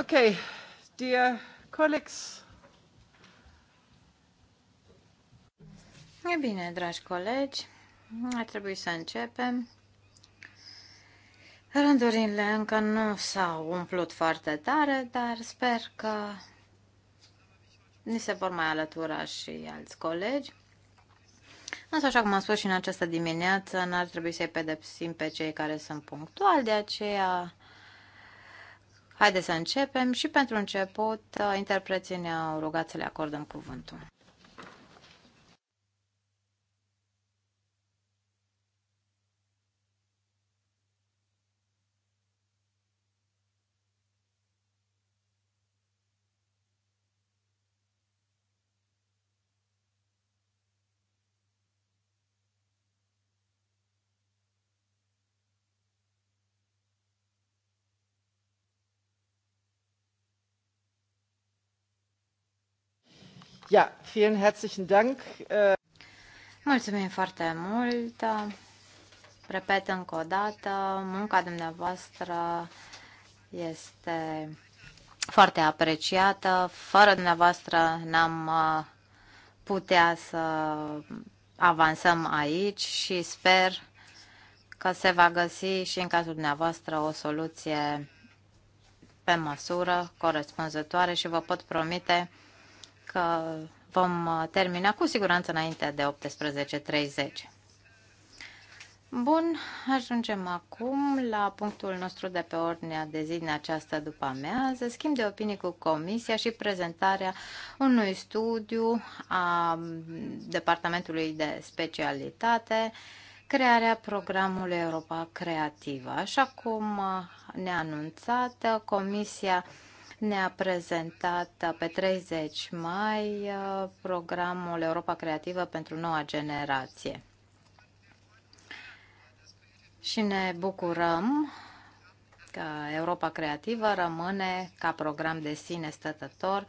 E bine, dragi colegi, ar trebui să începem. Rândurile încă nu s-au umplut foarte tare, dar sper că ni se vor mai alătura și alți colegi. Însă, așa cum am spus și în această dimineață, n-ar trebui să-i pedepsim pe cei care sunt punctuali, de aceea Haideți să începem și pentru început uh, interpreții ne-au rugat să le acordăm cuvântul. Äh, Mulțumim foarte mult. Repet încă o dată, munca dumneavoastră este foarte apreciată. Fără dumneavoastră n-am uh, putea să avansăm aici și sper că se va găsi și în cazul dumneavoastră o soluție pe măsură, corespunzătoare și vă pot promite că vom uh, termina cu siguranță înainte de 18.30. Bun, ajungem acum la punctul nostru de pe ordinea de zi din această după amiază, schimb de opinii cu Comisia și prezentarea unui studiu a Departamentului de Specialitate, crearea programului Europa Creativă. Așa cum uh, ne-a anunțat, uh, Comisia ne-a prezentat pe 30 mai uh, programul Europa Creativă pentru noua generație. Și ne bucurăm că Europa Creativă rămâne ca program de sine stătător.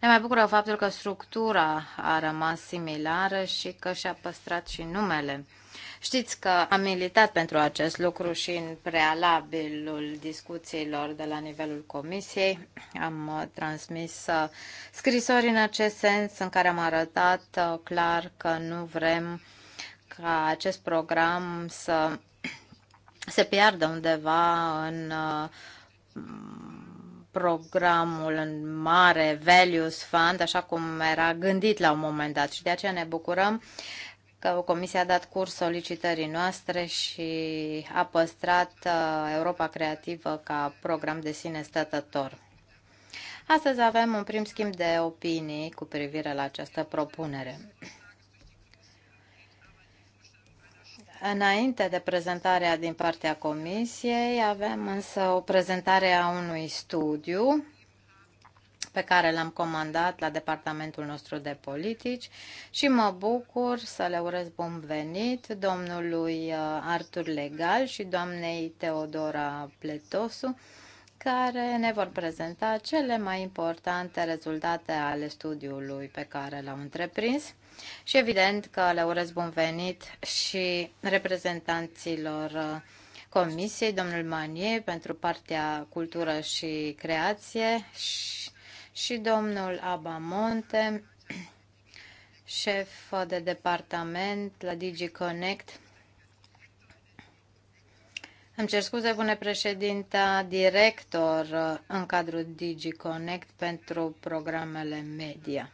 Ne mai bucură faptul că structura a rămas similară și că și-a păstrat și numele. Știți că am militat pentru acest lucru și în prealabilul discuțiilor de la nivelul comisiei. Am uh, transmis uh, scrisori în acest sens în care am arătat uh, clar că nu vrem ca acest program să se piardă undeva în programul în mare Values Fund, așa cum era gândit la un moment dat și de aceea ne bucurăm că Comisia a dat curs solicitării noastre și a păstrat uh, Europa Creativă ca program de sine stătător. Astăzi avem un prim schimb de opinii cu privire la această propunere. Înainte de prezentarea din partea Comisiei, avem însă o prezentare a unui studiu pe care l-am comandat la departamentul nostru de politici și mă bucur să le urez bun venit domnului uh, Artur Legal și doamnei Teodora Pletosu, care ne vor prezenta cele mai importante rezultate ale studiului pe care l-au întreprins și evident că le urez bun venit și reprezentanților uh, Comisiei, domnul Manie, pentru partea cultură și creație și și domnul Abamonte, șef de departament la DigiConnect. Îmi cer scuze, bune președinta, director uh, în cadrul DigiConnect pentru programele media.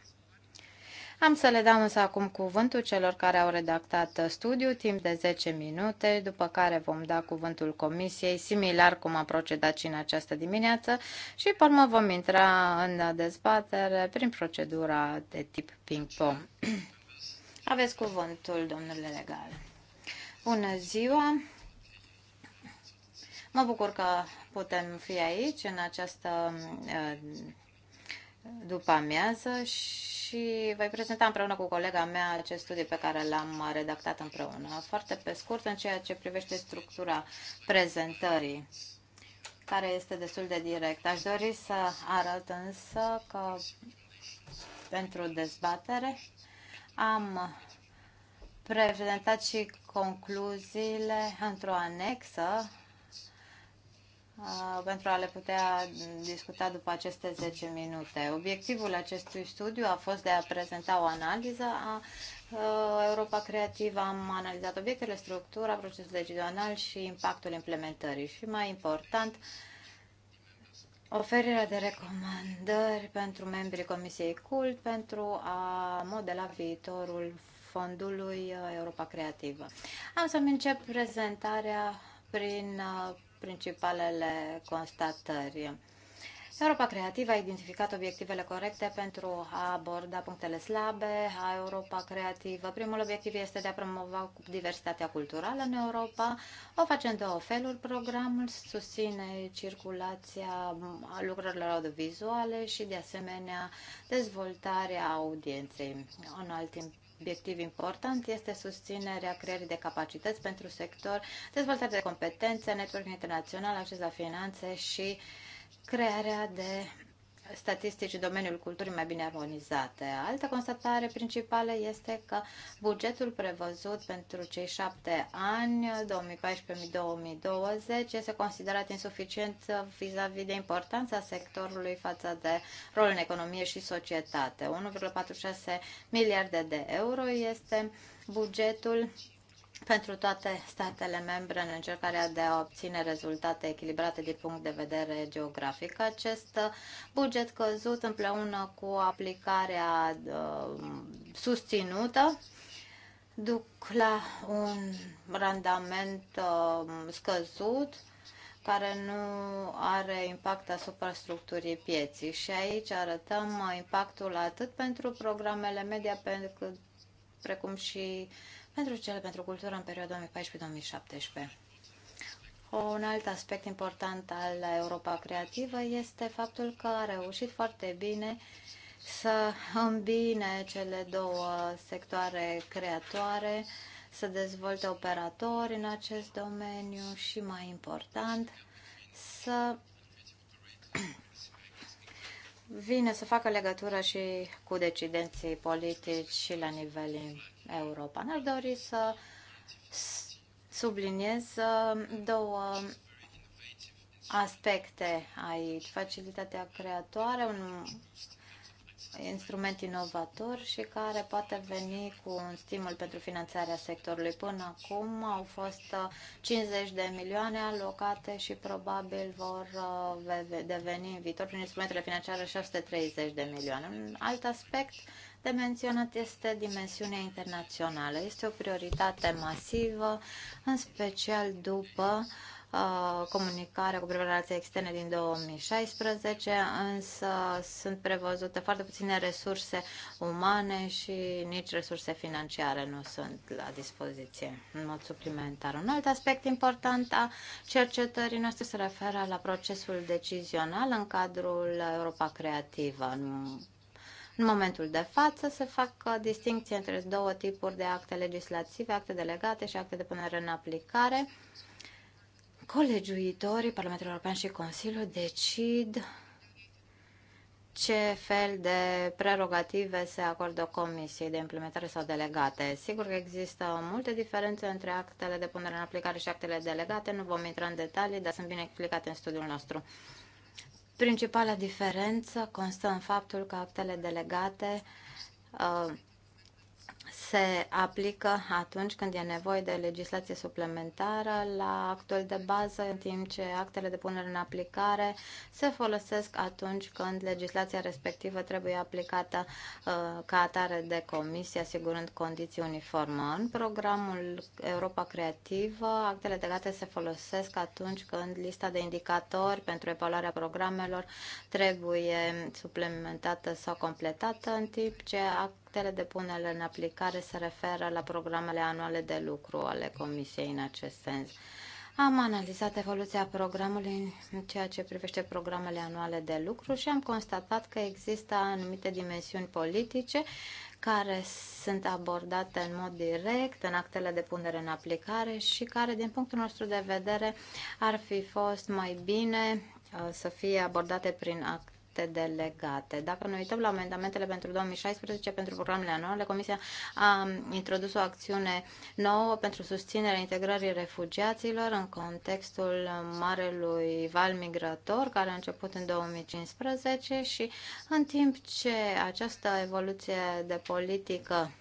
Am să le dau însă acum cuvântul celor care au redactat studiul timp de 10 minute, după care vom da cuvântul comisiei, similar cum a procedat și în această dimineață, și pe urmă vom intra în dezbatere prin procedura de tip ping-pong. Aveți cuvântul, domnule legal. Bună ziua! Mă bucur că putem fi aici în această uh, după amiază și voi prezenta împreună cu colega mea acest studiu pe care l-am redactat împreună. Foarte pe scurt, în ceea ce privește structura prezentării, care este destul de direct. Aș dori să arăt însă că pentru dezbatere am prezentat și concluziile într-o anexă Ah, pentru a le putea discuta după aceste 10 minute. Obiectivul acestui studiu a fost de a prezenta o analiză a Europa Creativă. Am analizat obiectele, structura, procesul decizional și impactul implementării. Și mai important, oferirea de recomandări pentru membrii Comisiei CULT pentru a modela viitorul fondului Europa Creativă. Am să-mi încep prezentarea prin uh, principalele constatări. Europa Creativă a identificat obiectivele corecte pentru a aborda punctele slabe a Europa Creativă. Primul obiectiv este de a promova diversitatea culturală în Europa. O facem două feluri. Programul susține circulația lucrărilor audiovizuale și, de asemenea, dezvoltarea audienței. În alt timp, obiectiv important este susținerea creării de capacități pentru sector, dezvoltarea de competențe, network internațional, acces la finanțe și crearea de statistici în domeniul culturii mai bine armonizate. Altă constatare principală este că bugetul prevăzut pentru cei șapte ani, 2014-2020, este considerat insuficient vis-a-vis -vis de importanța sectorului față de rolul în economie și societate. 1,46 miliarde de euro este bugetul pentru toate statele membre în încercarea de a obține rezultate echilibrate din punct de vedere geografic. Acest buget căzut împreună cu aplicarea uh, susținută duc la un randament uh, scăzut care nu are impact asupra structurii pieții. Și aici arătăm impactul atât pentru programele media, pentru, precum și uh, pentru cele pentru cultură în perioada 2014-2017. Un alt aspect important al Europa Creativă este faptul că a reușit foarte bine să îmbine cele două sectoare creatoare, să dezvolte operatori în acest domeniu și, mai important, să vine să facă legătură și cu decidenții politici și la nivel Europa. N-aș dori să subliniez uh, două aspecte aici. Facilitatea creatoare, un instrument inovator și care poate veni cu un stimul pentru finanțarea sectorului. Până acum au fost 50 uh, de milioane alocate și probabil vor uh, deveni în viitor prin instrumentele financiare 630 de milioane. Un alt aspect de menționat este dimensiunea internațională. Este o prioritate masivă, în special după uh, comunicarea cu privire la relații externe din 2016, însă sunt prevăzute foarte puține resurse umane și nici resurse financiare nu sunt la dispoziție în mod suplimentar. Un alt aspect important a cercetării noastre se referă la procesul decizional în cadrul Europa Creativă. În în momentul de față se fac uh, distinții între două tipuri de acte legislative, acte delegate și acte de punere în aplicare. Colegiuitorii, Parlamentului European și Consiliul decid ce fel de prerogative se acordă Comisiei de implementare sau delegate. Sigur că există multe diferențe între actele de punere în aplicare și actele delegate, nu vom intra în detalii, dar sunt bine explicate în studiul nostru. Principala diferență constă în faptul că actele delegate uh, se aplică atunci când e nevoie de legislație suplimentară la actul de bază, în timp ce actele de punere în aplicare se folosesc atunci când legislația respectivă trebuie aplicată uh, ca atare de comisie, asigurând condiții uniforme. În programul Europa Creativă, actele delegate se folosesc atunci când lista de indicatori pentru evaluarea programelor trebuie suplimentată sau completată, în timp ce act Actele de punere în aplicare se referă la programele anuale de lucru ale Comisiei în acest sens. Am analizat evoluția programului în ceea ce privește programele anuale de lucru și am constatat că există anumite dimensiuni politice care sunt abordate în mod direct în actele de punere în aplicare și care, din punctul nostru de vedere, ar fi fost mai bine uh, să fie abordate prin act proiecte delegate. Dacă ne uităm la amendamentele pentru 2016, pentru programele anuale, Comisia a introdus o acțiune nouă pentru susținerea integrării refugiaților în contextul marelui val migrator care a început în 2015 și în timp ce această evoluție de politică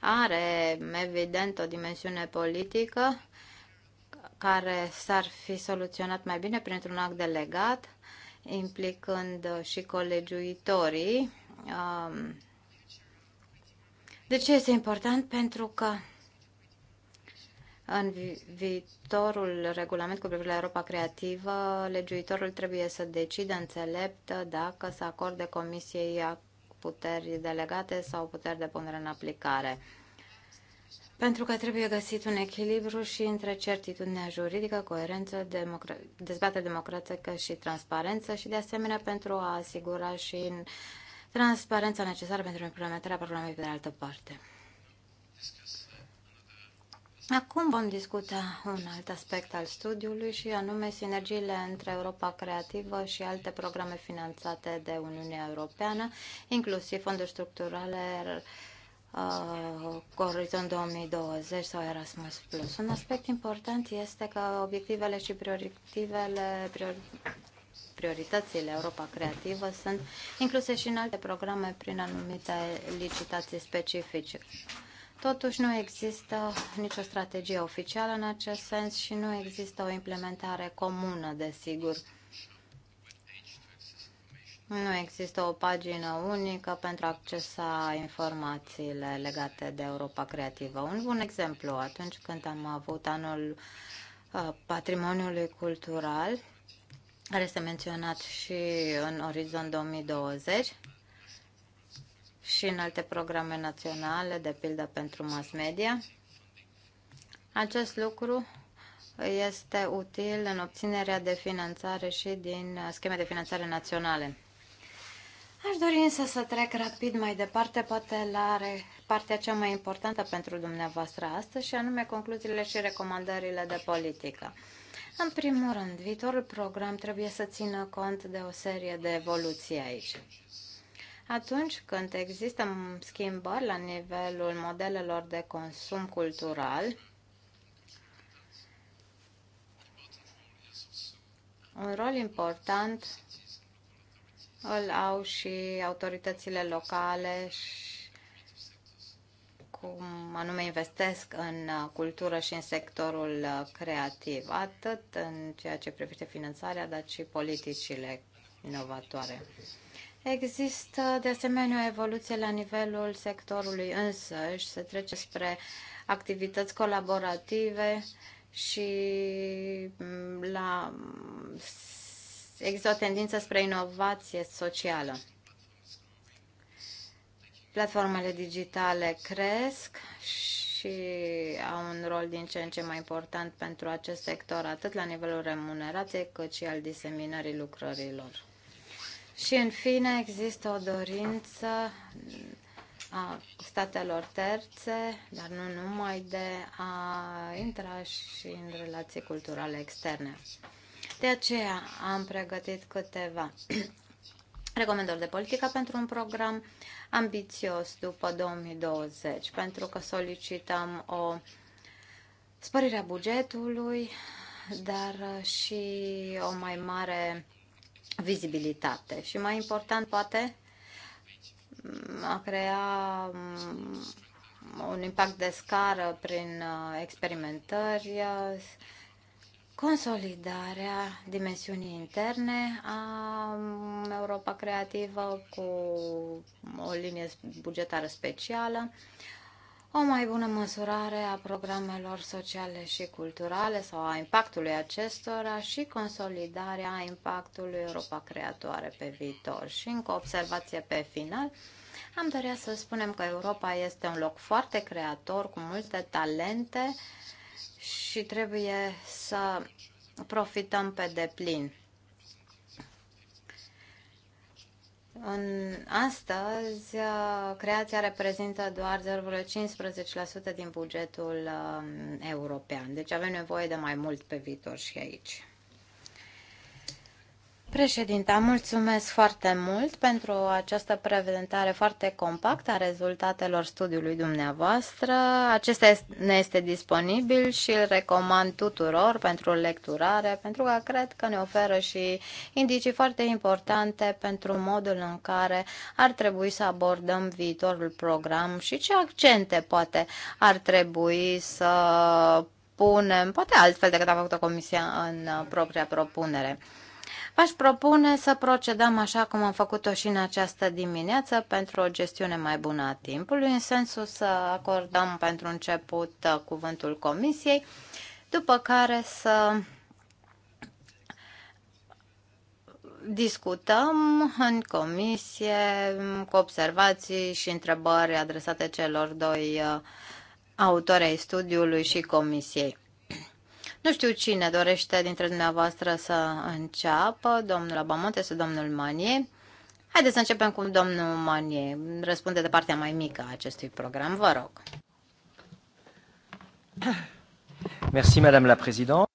are evident o dimensiune politică care s-ar fi soluționat mai bine printr-un act delegat, implicând uh, și colegiuitorii. Um, de ce este important? Pentru că în viitorul regulament cu privire la Europa Creativă, legiuitorul trebuie să decidă înțelept dacă să acorde Comisiei puteri delegate sau puteri de punere în aplicare pentru că trebuie găsit un echilibru și între certitudinea juridică, coerență, democra- dezbatere democratică și transparență și de asemenea pentru a asigura și transparența necesară pentru implementarea programului pe de altă parte. Acum vom discuta un alt aspect al studiului și anume sinergiile între Europa Creativă și alte programe finanțate de Uniunea Europeană, inclusiv fonduri structurale, uh, Orizont 2020 sau Erasmus+. Plus. Un aspect important este că obiectivele și prioritivele, priori, prioritățile Europa Creativă sunt incluse și în alte programe prin anumite licitații specifice. Totuși nu există nicio strategie oficială în acest sens și nu există o implementare comună, desigur. sigur nu există o pagină unică pentru a accesa informațiile legate de Europa Creativă. Un bun exemplu, atunci când am avut anul uh, patrimoniului cultural, care este menționat și în Orizont 2020 și în alte programe naționale, de pildă pentru mass media. Acest lucru este util în obținerea de finanțare și din uh, scheme de finanțare naționale. Aș dori însă să trec rapid mai departe, poate la partea cea mai importantă pentru dumneavoastră astăzi, și anume concluziile și recomandările de politică. În primul rând, viitorul program trebuie să țină cont de o serie de evoluții aici. Atunci când există schimbări la nivelul modelelor de consum cultural, un rol important îl au și autoritățile locale și cum anume investesc în uh, cultură și în sectorul uh, creativ, atât în ceea ce privește finanțarea, dar și politicile inovatoare. Există de asemenea o evoluție la nivelul sectorului însăși, se trece spre activități colaborative și mm, la există o tendință spre inovație socială. Platformele digitale cresc și au un rol din ce în ce mai important pentru acest sector, atât la nivelul remunerației, cât și al diseminării lucrărilor. Și, în fine, există o dorință a statelor terțe, dar nu numai de a intra și în relații culturale externe. De aceea am pregătit câteva recomandări de politică pentru un program ambițios după 2020, pentru că solicităm o spărire a bugetului, dar și o mai mare vizibilitate. Și mai important, poate, a crea mm, un impact de scară prin uh, experimentări, uh, consolidarea dimensiunii interne a Europa Creativă cu o linie bugetară specială, o mai bună măsurare a programelor sociale și culturale sau a impactului acestora și consolidarea impactului Europa Creatoare pe viitor. Și încă o observație pe final. Am dorit să spunem că Europa este un loc foarte creator, cu multe talente, uh, și trebuie să profităm pe deplin. În astăzi, creația reprezintă doar 0,15% din bugetul um, european, deci avem nevoie de mai mult pe viitor și aici. Președinta, mulțumesc foarte mult pentru această prezentare foarte compactă a rezultatelor studiului dumneavoastră. Acesta ne este disponibil și îl recomand tuturor pentru lecturare, pentru că cred că ne oferă și indicii foarte importante pentru modul în care ar trebui să abordăm viitorul program și ce accente poate ar trebui să punem, poate altfel decât a făcut-o Comisia în uh, propria propunere. Aș propune să procedăm așa cum am făcut-o și în această dimineață pentru o gestiune mai bună a timpului, în sensul să acordăm pentru început uh, cuvântul comisiei, după care să discutăm în comisie cu observații și întrebări adresate celor doi uh, autori ai studiului și comisiei. Nu știu cine dorește dintre dumneavoastră să înceapă, domnul Abamonte sau domnul Manie. Haideți să începem cu domnul Manie. Răspunde de partea mai mică a acestui program, vă rog. Merci, Madame la Présidente.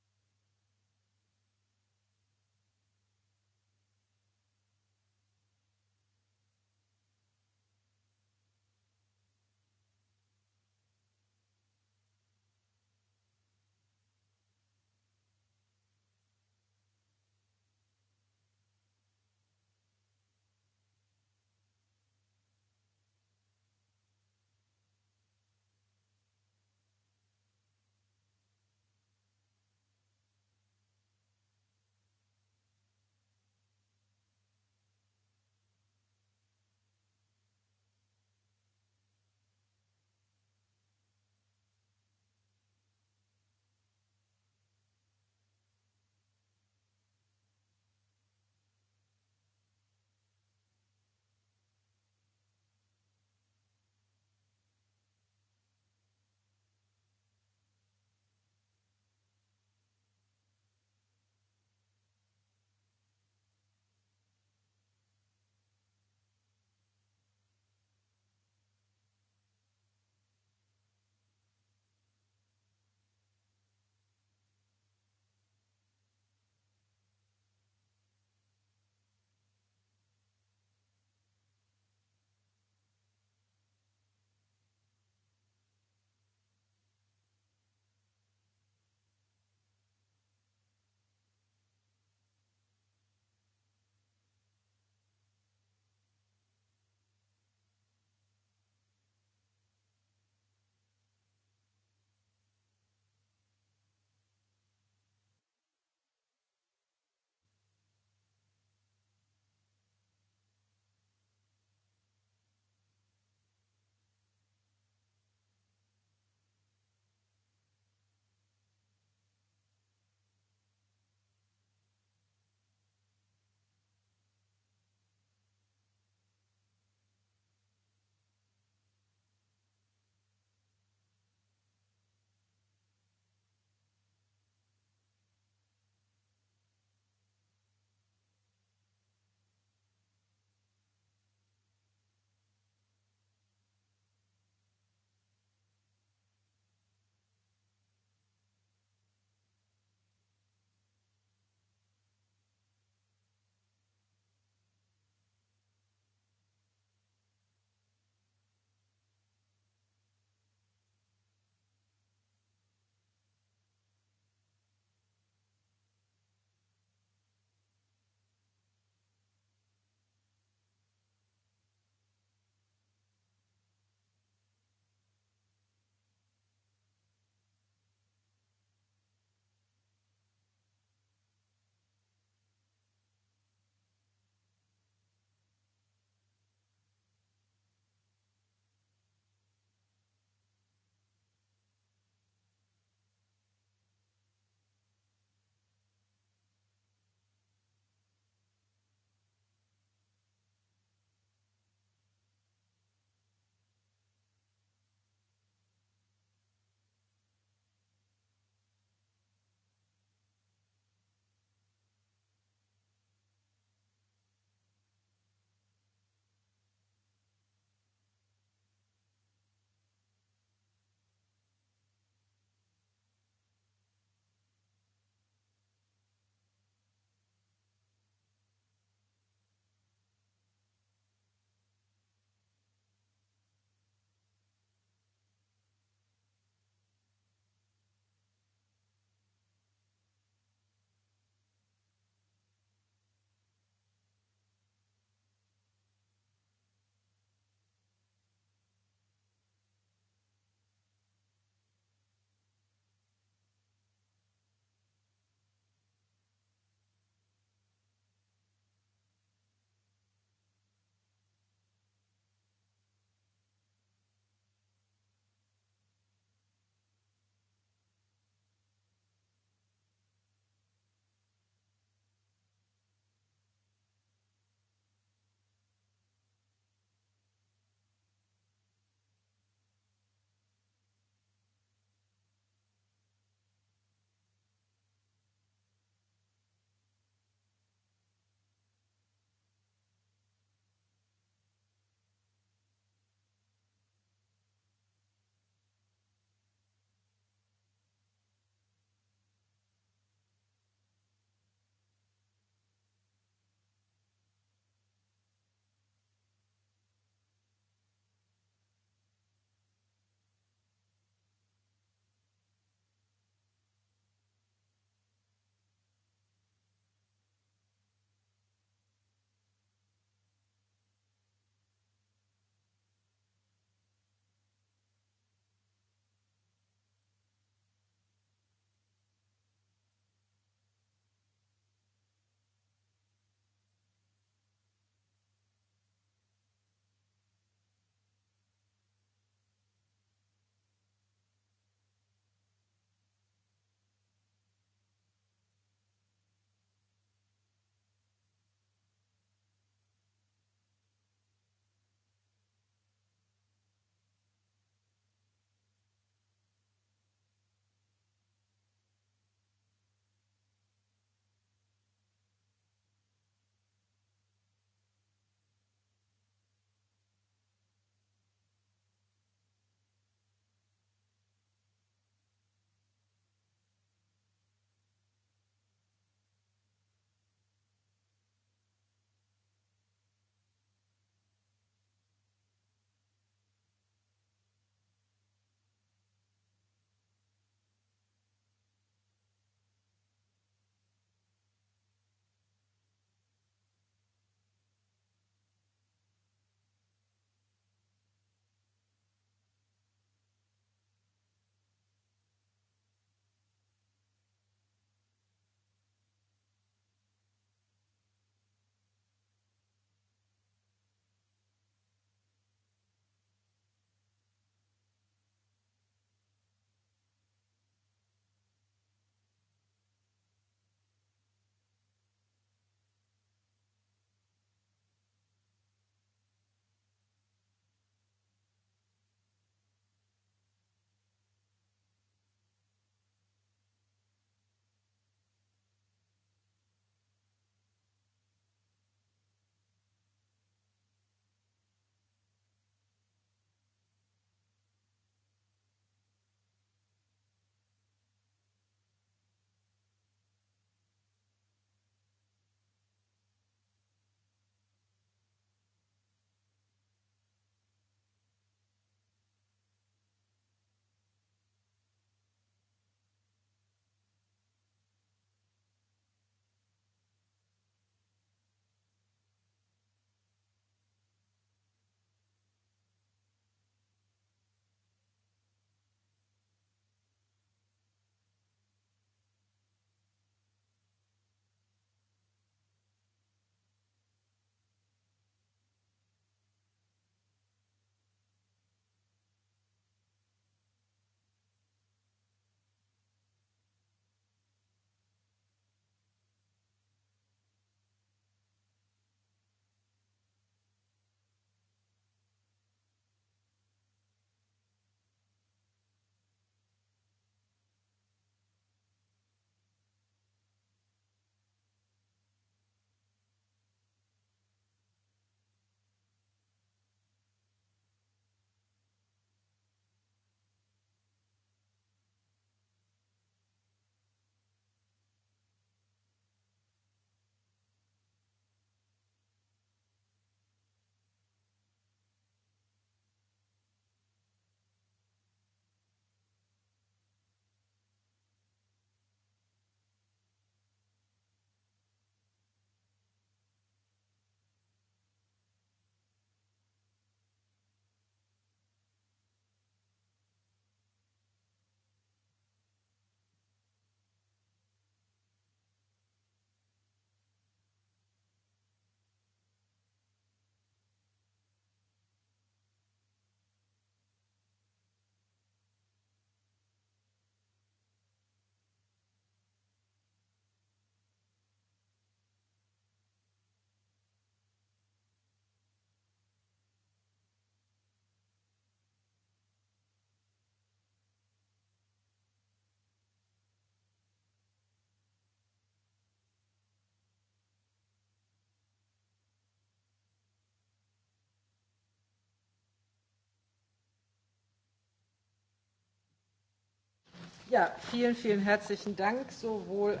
Ja, vielen, vielen herzlichen Dank, sowohl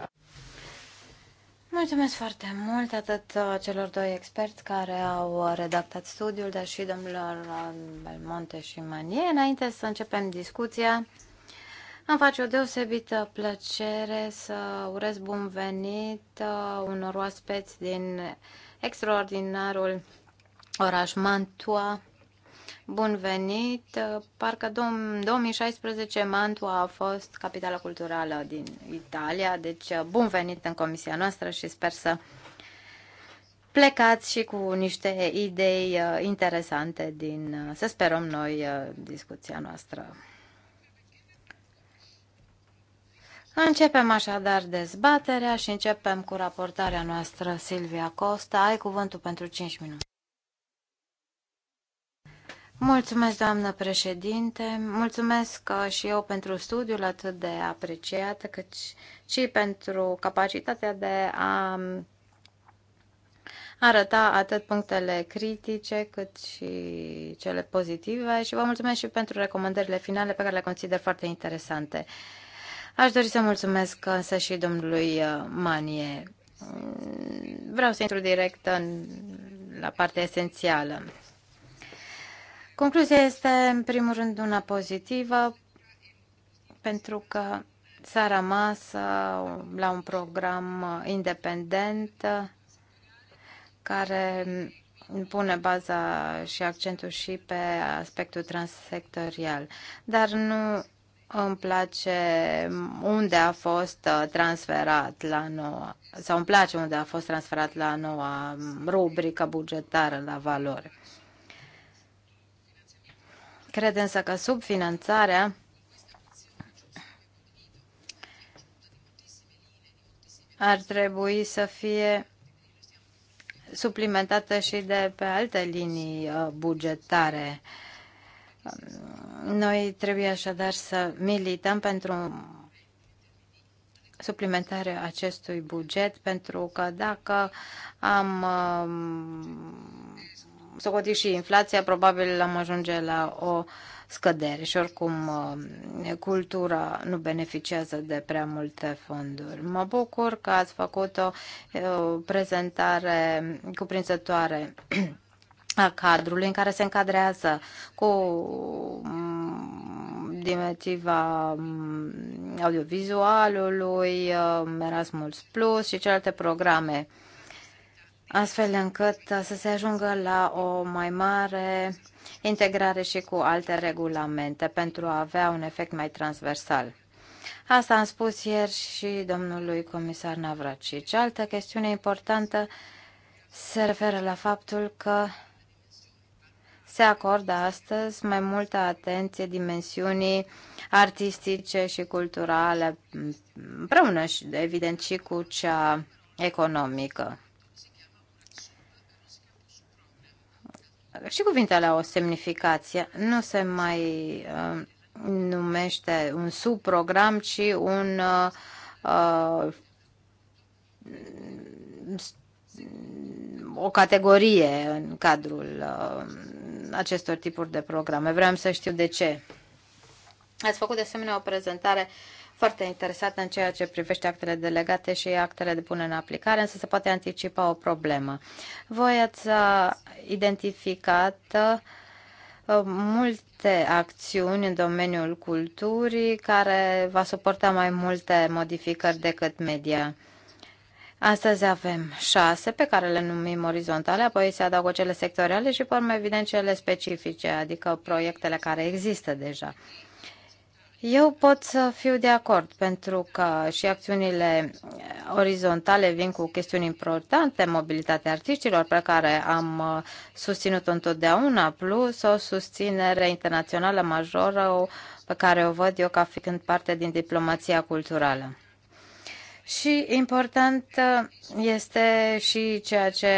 Mulțumesc foarte mult atât uh, celor doi experți care au uh, redactat studiul, dar și domnilor uh, Belmonte și Manie. Înainte să începem discuția, îmi face o deosebită plăcere să urez bun venit unor oaspeți din extraordinarul oraș Mantua, bun venit. Parcă în 2016 Mantua a fost capitala culturală din Italia, deci uh, bun venit în comisia noastră și sper să plecați și cu niște idei uh, interesante din, uh, să sperăm noi, discuția noastră. Începem așadar dezbaterea și începem cu raportarea noastră Silvia Costa. Ai cuvântul pentru 5 minute. Mulțumesc, doamnă președinte. Mulțumesc uh, și eu pentru studiul atât de apreciat, cât și pentru capacitatea de a um, arăta atât punctele critice cât și cele pozitive și vă mulțumesc și pentru recomandările finale pe care le consider foarte interesante. Aș dori să mulțumesc însă și domnului uh, Manie. Mm, vreau să intru direct în, la partea esențială. Concluzia este, în primul rând, una pozitivă, pentru că s-a rămas uh, la un program uh, independent uh, care pune baza și accentul și pe aspectul transsectorial. Dar nu îmi place unde a fost transferat la noua, sau îmi place unde a fost transferat la noua um, rubrică bugetară la valori. Cred însă că subfinanțarea ar trebui să fie suplimentată și de pe alte linii uh, bugetare. Um, noi trebuie așadar să milităm pentru suplimentarea acestui buget, pentru că dacă am um, socotim și inflația, probabil am ajunge la o scădere și oricum uh, cultura nu beneficiază de prea multe fonduri. Mă bucur că ați făcut o uh, prezentare cuprinzătoare a cadrului în care se încadrează cu mm, dimensiva mm, audiovizualului, uh, Erasmus Plus și celelalte programe astfel încât să se ajungă la o mai mare integrare și cu alte regulamente pentru a avea un efect mai transversal. Asta am spus ieri și domnului comisar Navraci. Altă chestiune importantă se referă la faptul că se acordă astăzi mai multă atenție dimensiunii artistice și culturale, împreună, evident, și cu cea economică. și cuvintele au o semnificație. Nu se mai uh, numește un subprogram, ci un uh, uh o categorie în cadrul uh, acestor tipuri de programe. Vreau să știu de ce. Ați făcut de asemenea o prezentare foarte interesată în ceea ce privește actele delegate și actele de punere în aplicare, însă se poate anticipa o problemă. Voi ați uh, identificat uh, multe acțiuni în domeniul culturii care va suporta mai multe modificări decât media. Astăzi avem șase pe care le numim orizontale, apoi se adaugă cele sectoriale și, pe urmă, evident, cele specifice, adică proiectele care există deja. Eu pot să fiu de acord, pentru că și acțiunile orizontale vin cu chestiuni importante, mobilitatea artiștilor, pe care am uh, susținut întotdeauna, plus o susținere internațională majoră pe care o văd eu ca fiind parte din diplomația culturală. Și important uh, este și ceea ce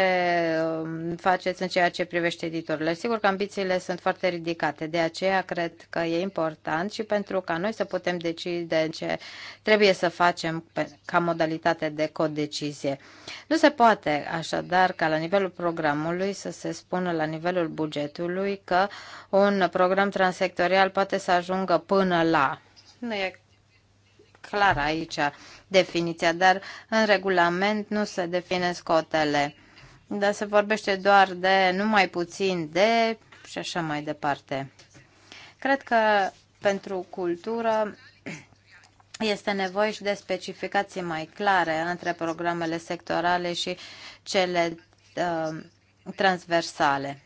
um, faceți în ceea ce privește editorile. Sigur că ambițiile sunt foarte ridicate, de aceea cred că e important și pentru ca noi să putem decide ce trebuie să facem ca modalitate de codecizie. Nu se poate așadar ca la nivelul programului să se spună la nivelul bugetului că un program transectorial poate să ajungă până la. Nu e clar aici definiția, dar în regulament nu se definesc cotele. Dar se vorbește doar de numai puțin de și așa mai departe. Cred că pentru cultură este nevoie și de specificații mai clare între programele sectorale și cele uh, transversale.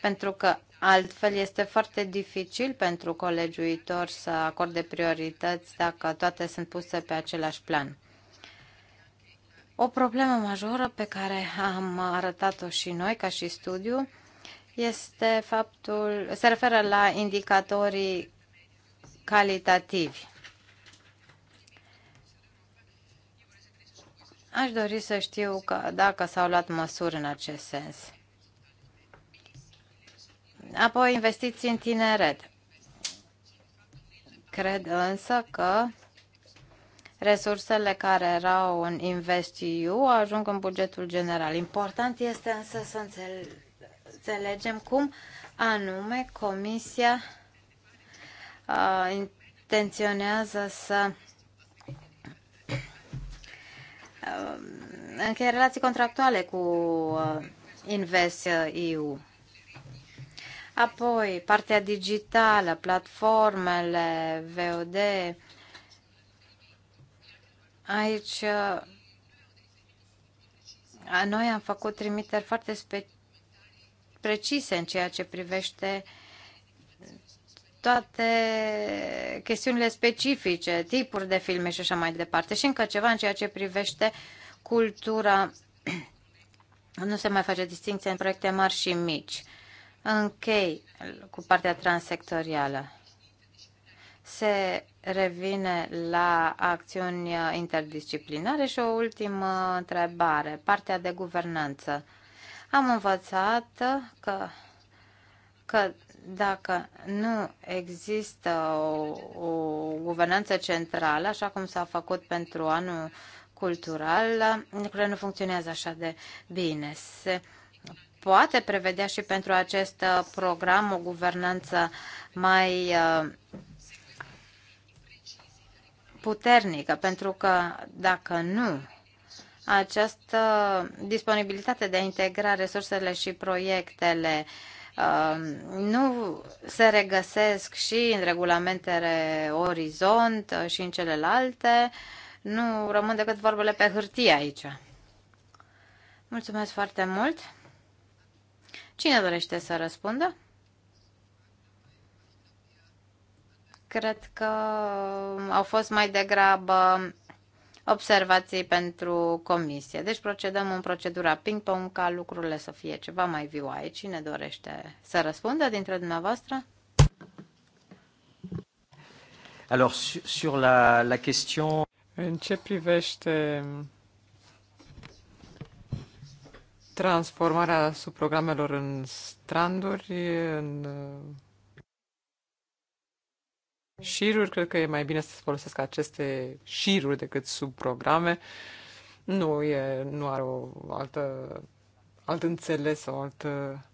Pentru că Altfel, este foarte dificil pentru colegiuitor să acorde priorități dacă toate sunt puse pe același plan. O problemă majoră pe care am arătat-o și noi ca și studiu este faptul, se referă la indicatorii calitativi. Aș dori să știu că dacă s-au luat măsuri în acest sens. Apoi investiții în tineret. Cred însă că resursele care erau în investiu ajung în bugetul general. Important este însă să înțelegem cum anume Comisia intenționează să încheie relații contractuale cu uh, EU. Apoi, partea digitală, platformele, VOD. Aici noi am făcut trimiteri foarte precise în ceea ce privește toate chestiunile specifice, tipuri de filme și așa mai departe. Și încă ceva în ceea ce privește cultura. Nu se mai face distinție în proiecte mari și mici. Închei cu partea transsectorială. Se revine la acțiuni interdisciplinare și o ultimă întrebare, partea de guvernanță. Am învățat că, că dacă nu există o, o guvernanță centrală, așa cum s-a făcut pentru anul cultural, lucrurile nu funcționează așa de bine. Se, uh, poate prevedea și pentru acest uh, program o guvernanță mai uh, puternică, pentru că dacă nu, această disponibilitate de a integra resursele și proiectele uh, nu se regăsesc și în regulamentele Orizont și în celelalte, nu rămân decât vorbele pe hârtie aici. Mulțumesc foarte mult! Cine dorește să răspundă? Cred că au fost mai degrabă observații pentru comisie. Deci procedăm în procedura ping-pong ca lucrurile să fie ceva mai viu. Aici Cine dorește să răspundă dintre dumneavoastră? Alors, sur la, la question... În ce privește transformarea subprogramelor în stranduri, în uh, șiruri. Cred că e mai bine să folosesc aceste șiruri decât subprograme. Nu, e, nu are o altă, alt înțeles sau altă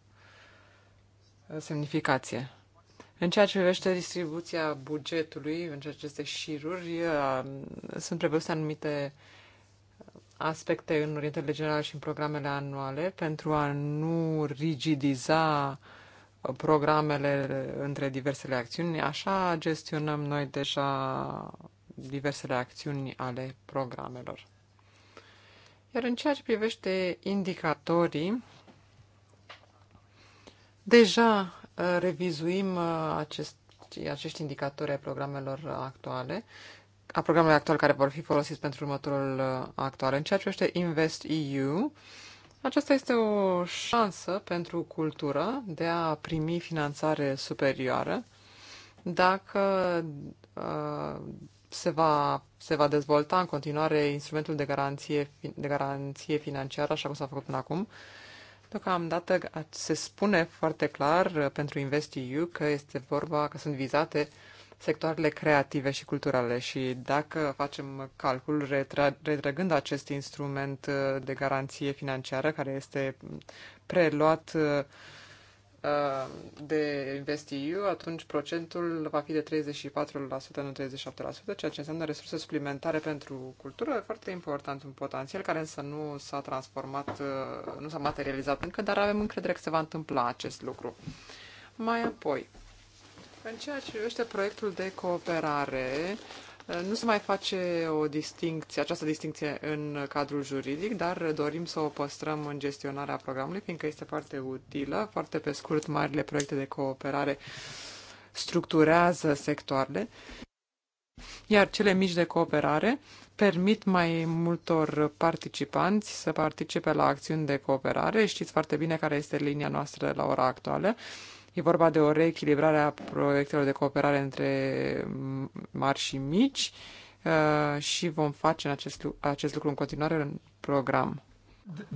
uh, semnificație. În ceea ce privește distribuția bugetului, în ceea ce este șiruri, uh, sunt prevăzute anumite uh, aspecte în orientările generale și în programele anuale pentru a nu rigidiza programele între diversele acțiuni. Așa gestionăm noi deja diversele acțiuni ale programelor. Iar în ceea ce privește indicatorii, deja uh, revizuim uh, acest, acești indicatori ai programelor actuale a programului actual care vor fi folosiți pentru următorul uh, actual. În ceea ce este Invest EU, aceasta este o șansă pentru cultură de a primi finanțare superioară dacă uh, se, va, se va dezvolta în continuare instrumentul de garanție, de garanție financiară, așa cum s-a făcut până acum. Deocamdată se spune foarte clar uh, pentru InvestEU că este vorba că sunt vizate uh, sectoarele creative și culturale și dacă facem calcul retra, retrăgând acest instrument uh, de garanție financiară care este preluat uh, de InvestEU, atunci procentul va fi de 34%, nu 37%, ceea ce înseamnă resurse suplimentare pentru cultură, foarte important, un potențial care însă nu s-a transformat, uh, nu s-a materializat încă, dar avem încredere că se va întâmpla acest lucru. Mai apoi, în ceea ce privește proiectul de cooperare, nu se mai face o distinție, această distinție în cadrul juridic, dar dorim să o păstrăm în gestionarea programului, fiindcă este foarte utilă. Foarte pe scurt, marile proiecte de cooperare structurează sectoarele, iar cele mici de cooperare permit mai multor participanți să participe la acțiuni de cooperare. Știți foarte bine care este linia noastră la ora actuală. E vorba de o reechilibrare a proiectelor de cooperare între mari și mici uh, și vom face în acest, acest lucru în continuare în program.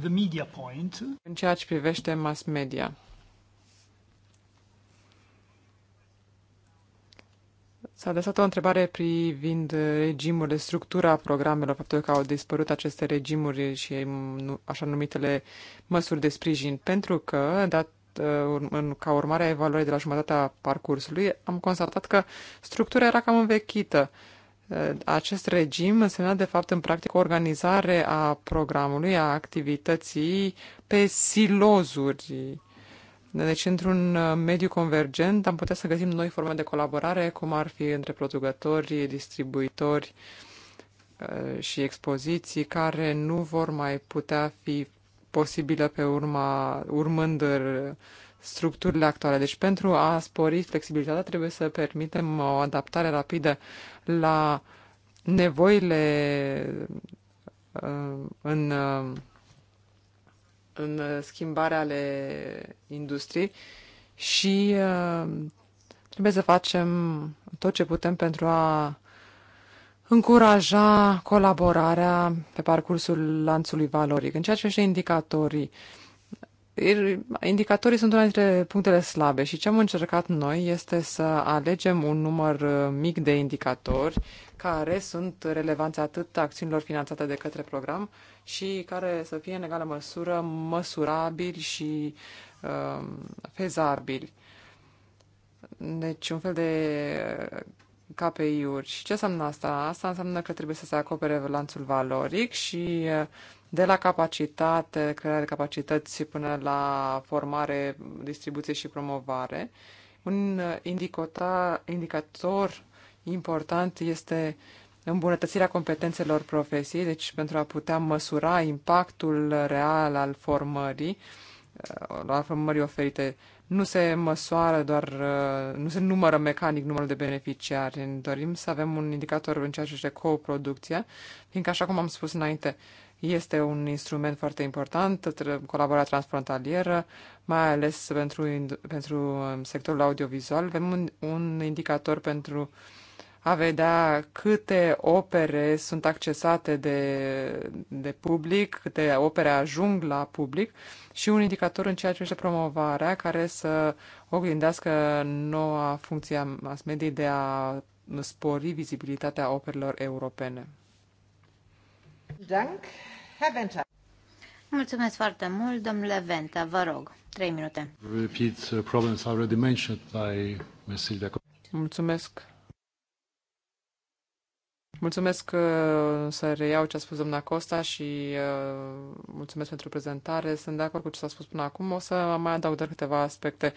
The media point. În ceea ce privește mass media. S-a lăsat o întrebare privind regimurile, structura programelor, faptul că au dispărut aceste regimuri și așa numitele măsuri de sprijin, pentru că, dat Uh, ca urmare a evaluării de la jumătatea parcursului, am constatat că structura era cam învechită. Uh, acest regim însemna, de fapt, în practic, o organizare a programului, a activității pe silozuri. Deci, într-un uh, mediu convergent, am putea să găsim noi forme de colaborare, cum ar fi între producători, distribuitori și expoziții, care nu vor mai putea fi posibilă pe urma, urmând structurile actuale. Deci pentru a spori flexibilitatea trebuie să permitem o adaptare rapidă la nevoile uh, în, uh, în schimbare ale industriei și uh, trebuie să facem tot ce putem pentru a încuraja colaborarea pe parcursul lanțului valoric. În ceea ce privește indicatorii, indicatorii sunt una dintre punctele slabe și ce am încercat noi este să alegem un număr mic de indicatori care sunt relevanți atât acțiunilor finanțate de către program și care să fie în egală măsură măsurabili și uh, fezabili. Deci un fel de KPI-uri. Și ce înseamnă asta? Asta înseamnă că trebuie să se acopere lanțul valoric și uh, de la capacitate, crearea de capacități până la formare, distribuție și promovare. Un uh, indicator important este îmbunătățirea competențelor profesiei, deci pentru a putea măsura impactul real al formării la formării oferite nu se măsoară doar, uh, nu se numără mecanic numărul de beneficiari. Ne dorim să avem un indicator în ceea ce este coproducția, fiindcă, așa cum am spus înainte, este un instrument foarte important, colaborarea transfrontalieră, mai ales pentru, pentru um, sectorul audiovizual. Avem un, un indicator pentru uh, a vedea câte opere sunt accesate de, de public, câte opere ajung la public și un indicator în ceea ce este promovarea care să oglindească noua funcție a mass media de a spori vizibilitatea operelor europene. Dank, Mulțumesc foarte mult, domnule Venta, vă rog, trei minute. Uh, already mentioned by Mulțumesc. Mulțumesc că uh, să reiau ce a spus doamna Costa și uh, mulțumesc pentru prezentare. Sunt de acord cu ce s-a spus până acum. O să mai adaug doar câteva aspecte.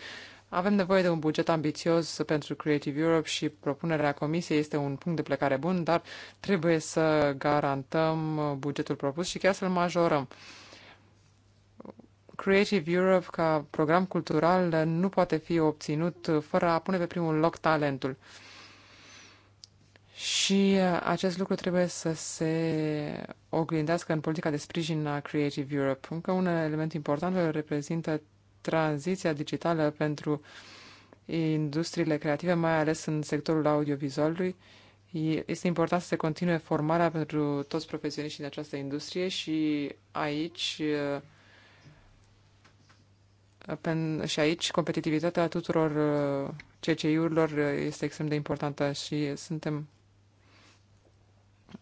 Avem nevoie de un buget ambițios pentru Creative Europe și propunerea Comisiei este un punct de plecare bun, dar trebuie să garantăm bugetul propus și chiar să-l majorăm. Creative Europe ca program cultural nu poate fi obținut fără a pune pe primul loc talentul. Uh, și uh, acest lucru trebuie să se oglindească în politica de sprijin a Creative Europe. Încă un element important îl reprezintă tranziția digitală pentru industriile creative, mai ales în sectorul audiovizualului. Este important să se continue formarea pentru toți profesioniștii din această industrie și aici uh, și aici competitivitatea tuturor uh, CCI-urilor este extrem de importantă și suntem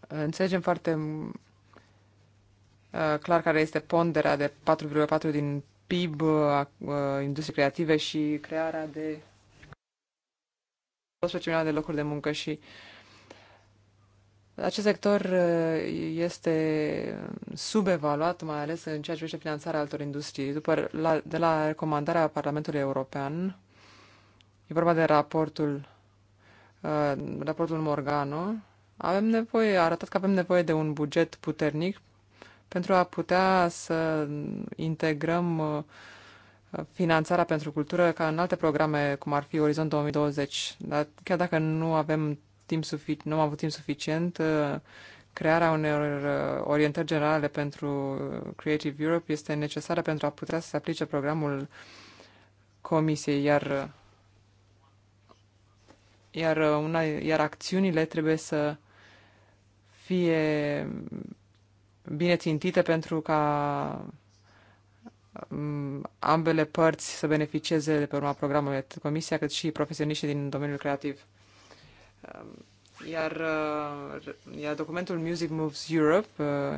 Înțelegem foarte uh, clar care este ponderea de 4,4 din PIB a uh, uh, industriei creative și crearea de 12 milioane de locuri de muncă și acest sector este subevaluat, mai ales în ceea ce privește finanțarea altor industrii. După, la, de la recomandarea Parlamentului European, e vorba de raportul, uh, raportul Morgano, avem nevoie, a arătat că avem nevoie de un buget puternic pentru a putea să integrăm uh, finanțarea pentru cultură ca în alte programe, cum ar fi Orizont 2020. Dar chiar dacă nu avem timp sufic- nu am avut timp suficient, uh, crearea unor uh, orientări generale pentru Creative Europe este necesară pentru a putea să se aplice programul Comisiei, iar iar, una, iar acțiunile trebuie să fie bine țintite pentru ca mm, ambele părți să beneficieze de pe urma programului, atât comisia cât și profesioniștii din domeniul creativ. Iar, uh, iar documentul Music Moves Europe uh,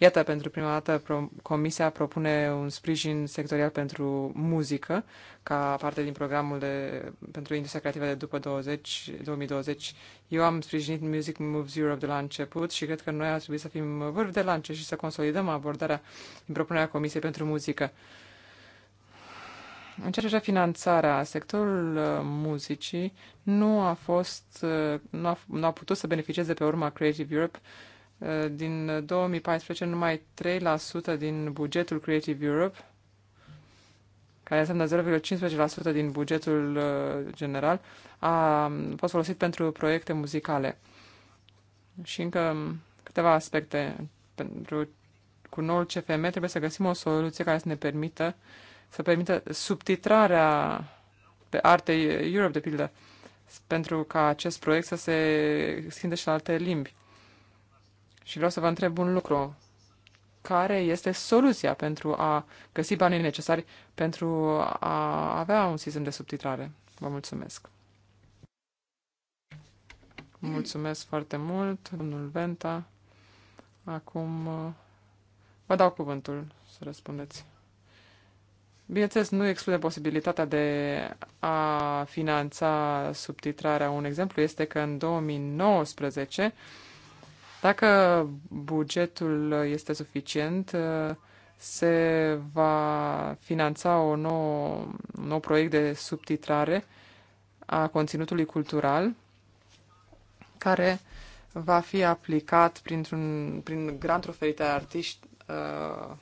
Iată, pentru prima dată, Comisia propune un sprijin sectorial pentru muzică, ca parte din programul de, pentru industria creativă de după 20, 2020. Eu am sprijinit Music Moves Europe de la început și cred că noi ar trebui să fim vârf de lance și să consolidăm abordarea din propunerea Comisiei pentru muzică. În ceea ce privește finanțarea, sectorul uh, muzicii nu a fost, uh, nu a, nu a putut să beneficieze pe urma Creative Europe Uh, din 2014, numai 3% din bugetul Creative Europe, care înseamnă 0,15% din bugetul uh, general, a um, fost folosit pentru proiecte muzicale. Și încă um, câteva aspecte. Pentru, cu noul CFM trebuie să găsim o soluție care să ne permită să permită subtitrarea pe arte Europe, de pildă, pentru ca acest proiect să se schimbe și la alte limbi. Și vreau să vă întreb un lucru. Care este soluția pentru a găsi banii necesari pentru a avea un sistem de subtitrare? Vă mulțumesc. Mulțumesc foarte mult, domnul Venta. Acum uh, vă dau cuvântul să răspundeți. Bineînțeles, nu exclude posibilitatea de a finanța subtitrarea. Un exemplu este că în 2019 dacă bugetul este suficient, se va finanța o nouă, un nou proiect de subtitrare a conținutului cultural care va fi aplicat printr-un, prin oferit oferite artiști uh,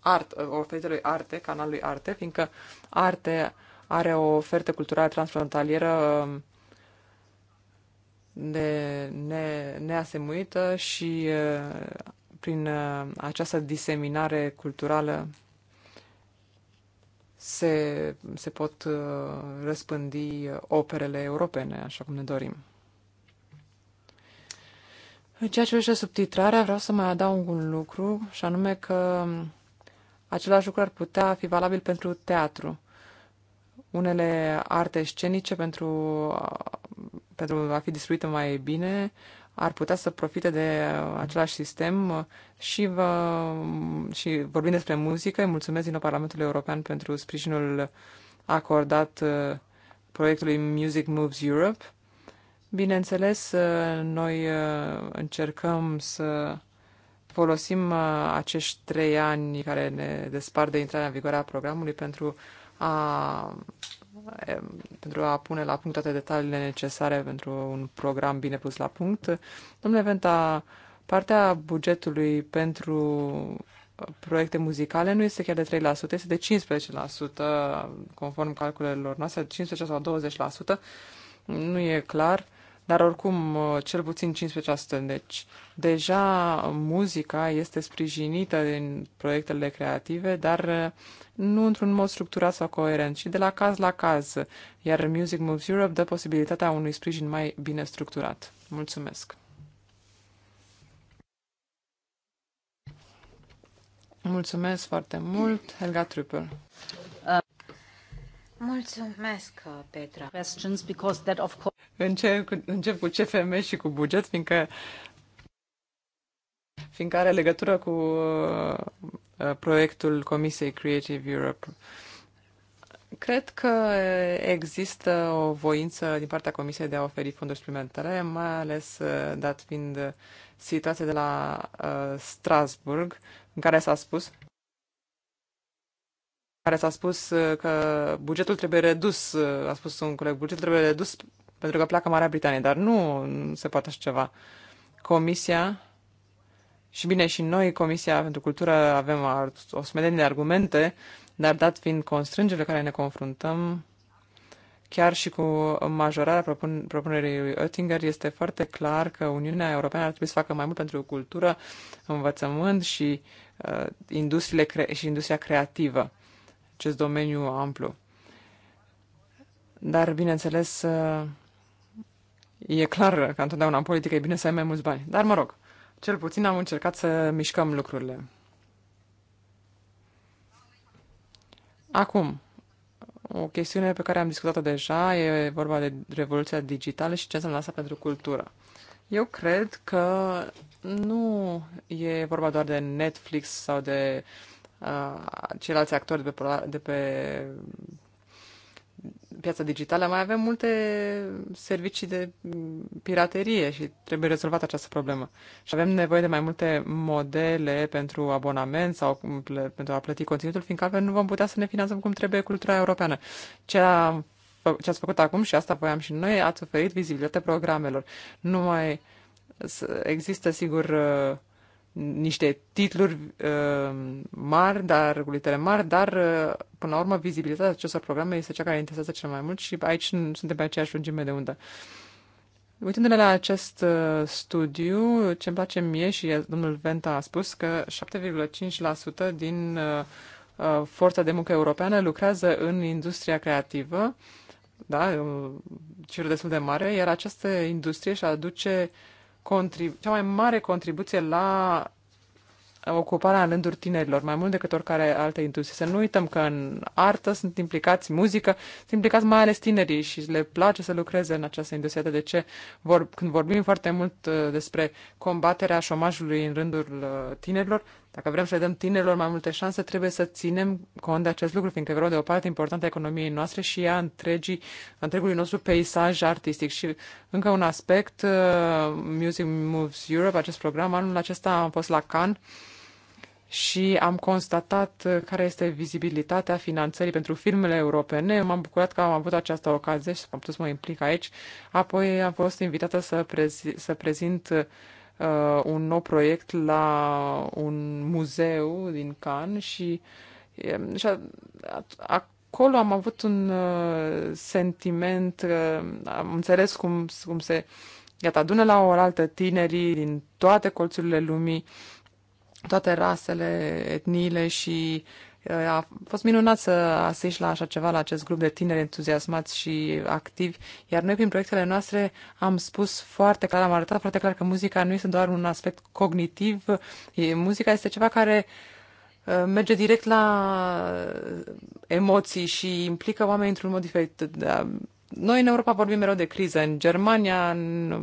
art, uh, oferite Arte, canalului Arte, fiindcă Arte are o ofertă culturală transfrontalieră um, de ne, neasemuită și uh, prin uh, această diseminare culturală se, se pot uh, răspândi operele europene, așa cum ne dorim. În ceea ce privește subtitrarea, vreau să mai adaug un lucru, și anume că același lucru ar putea fi valabil pentru teatru. Unele arte scenice pentru pentru a fi distribuită mai bine, ar putea să profite de același sistem și, vă, și vorbim despre muzică. Îi mulțumesc din nou Parlamentului European pentru sprijinul acordat uh, proiectului Music Moves Europe. Bineînțeles, uh, noi uh, încercăm să folosim acești trei ani care ne despart de intrarea în vigoare a programului pentru a pentru a pune la punct toate detaliile necesare pentru un program bine pus la punct. Domnule Venta, partea bugetului pentru uh, proiecte muzicale nu este chiar de 3%, este de 15%, conform calculelor noastre, 15 sau 20%, nu e clar dar oricum uh, cel puțin 15%. Deci deja muzica este sprijinită din proiectele creative, dar uh, nu într-un mod structurat sau coerent, ci de la caz la caz, iar Music Moves Europe dă posibilitatea unui sprijin mai bine structurat. Mulțumesc! Mulțumesc foarte mult, Helga Trüppel. Mulțumesc, uh, Petra. Încep, încep cu CFM și cu buget, fiindcă fiindcă are legătură cu uh, uh, proiectul Comisiei Creative Europe. Cred că există o voință din partea Comisiei de a oferi fonduri suplimentare, mai ales uh, dat fiind situația de la uh, Strasburg, în care s-a spus care s-a spus uh, că bugetul trebuie redus, uh, a spus un coleg, bugetul trebuie redus pentru că pleacă Marea Britanie, dar nu se poate așa ceva. Comisia și bine, și noi, Comisia pentru Cultură, avem o sumedenie de argumente, dar dat fiind constrângerile care ne confruntăm, chiar și cu majorarea propun- propunerii lui Oettinger, este foarte clar că Uniunea Europeană ar trebui să facă mai mult pentru cultură, învățământ și, uh, industriile cre- și industria creativă acest domeniu amplu. Dar, bineînțeles, e clar că întotdeauna în politică e bine să ai mai mulți bani. Dar, mă rog, cel puțin am încercat să mișcăm lucrurile. Acum, o chestiune pe care am discutat-o deja e vorba de revoluția digitală și ce înseamnă asta pentru cultură. Eu cred că nu e vorba doar de Netflix sau de uh, ceilalți actori de pe, de pe piața digitală, mai avem multe servicii de piraterie și trebuie rezolvată această problemă. Și avem nevoie de mai multe modele pentru abonament sau pentru a plăti conținutul, fiindcă altfel nu vom putea să ne finanțăm cum trebuie cultura europeană. Ce, a, ce ați făcut acum și asta voiam și noi, ați oferit vizibilitate programelor. Nu mai există, sigur, niște titluri uh, mari, dar regulitele mari, dar uh, până la urmă vizibilitatea acestor programe este cea care interesează cel mai mult și aici suntem pe aceeași lungime de undă. Uitându-ne la acest uh, studiu, ce îmi place mie și domnul Venta a spus că 7,5% din uh, uh, forța de muncă europeană lucrează în industria creativă, da, cifră destul de mare, iar această industrie își aduce uh, cea mai mare contribuție la ocuparea în rândul tinerilor, mai mult decât oricare altă industrie. Să nu uităm că în artă sunt implicați muzică, sunt implicați mai ales tinerii și le place să lucreze în această industrie. De ce vor, când vorbim foarte mult uh, despre combaterea șomajului în rândul uh, tinerilor, dacă vrem să le dăm tinerilor mai multe șanse, trebuie să ținem cont de acest lucru, fiindcă vreau de o parte importantă a economiei noastre și a întregii, întregului nostru peisaj artistic. Și încă un aspect, uh, Music Moves Europe, acest program, anul acesta am fost la Cannes și am constatat uh, care este vizibilitatea finanțării pentru filmele europene. M-am bucurat că am avut această ocazie și am putut să mă implic aici. Apoi am fost invitată să, prezi- să prezint uh, uh, un nou proiect la un muzeu din Cannes și, um, și a, a, acolo am avut un uh, sentiment, uh, am înțeles cum, cum se, iată, adună la o altă tinerii din toate colțurile lumii, toate rasele, etniile și a fost minunat să asiști la așa ceva, la acest grup de tineri entuziasmați și activi, iar noi prin proiectele noastre am spus foarte clar, am arătat foarte clar că muzica nu este doar un aspect cognitiv, muzica este ceva care ă, merge direct la ă, emoții și implică oamenii într-un mod diferit. Da, noi în Europa vorbim mereu de criză, în Germania, în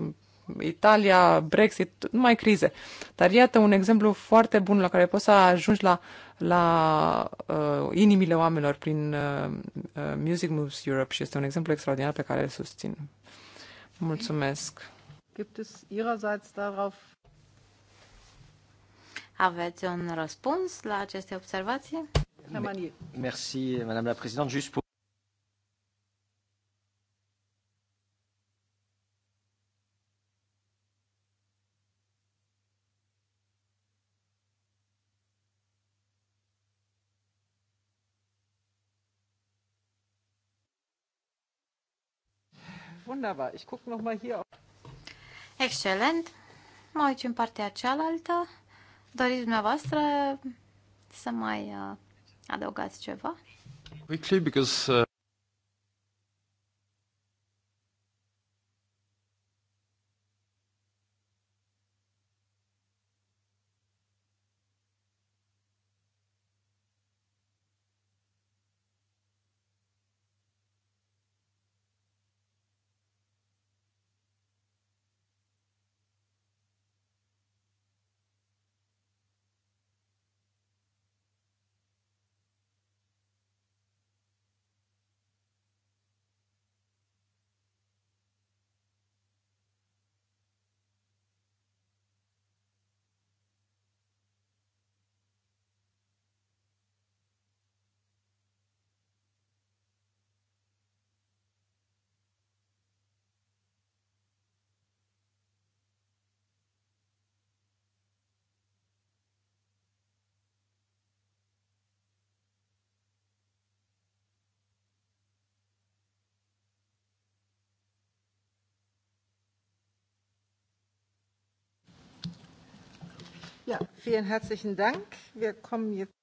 Italia, Brexit, numai crize. Dar iată un exemplu foarte bun la care poți să ajungi la, la uh, inimile oamenilor prin uh, uh, Music Moves Europe și este un exemplu extraordinar pe care îl susțin. Mulțumesc. Gibt es ihrerseits darauf aveți un răspuns la aceste observații? Merci, Madame la Présidente. Just pour... Wunderbar. Ich guck noch mal hier. Excelent. Mă uit în partea cealaltă. Doriți dumneavoastră să mai uh, adăugați ceva? Quickly, because, uh... Ja, vielen herzlichen Dank. Wir kommen jetzt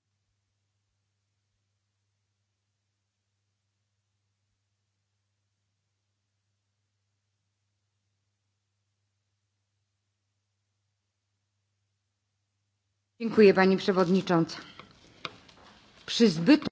Dziękuję Pani Przewodnicząca. Przy zbyt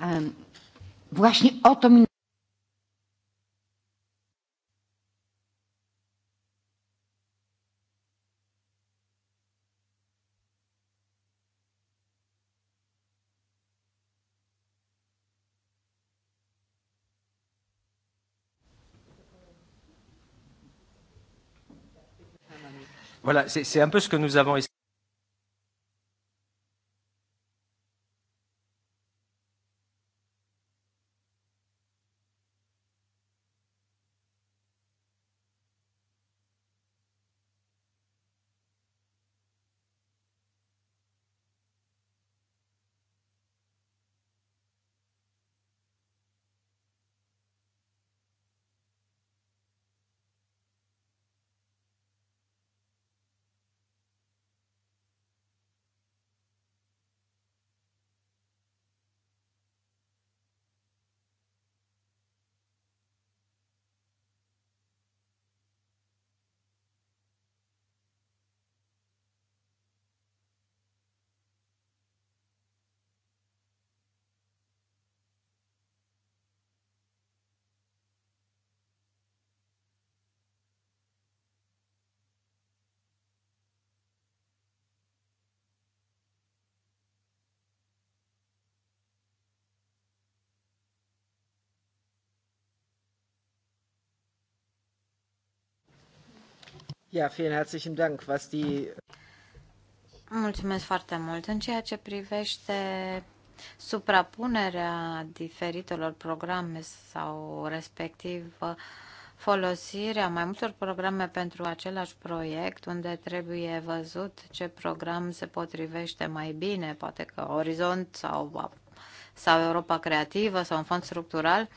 Um, właśnie o to mi Voilà, c'est un peu ce que nous avons essayé. Mulțumesc foarte mult. În ceea ce privește suprapunerea diferitelor programe sau respectiv uh, folosirea mai multor programe pentru același proiect, unde trebuie văzut ce program se potrivește mai bine, poate că Orizont sau, uh, sau Europa Creativă sau un fond structural.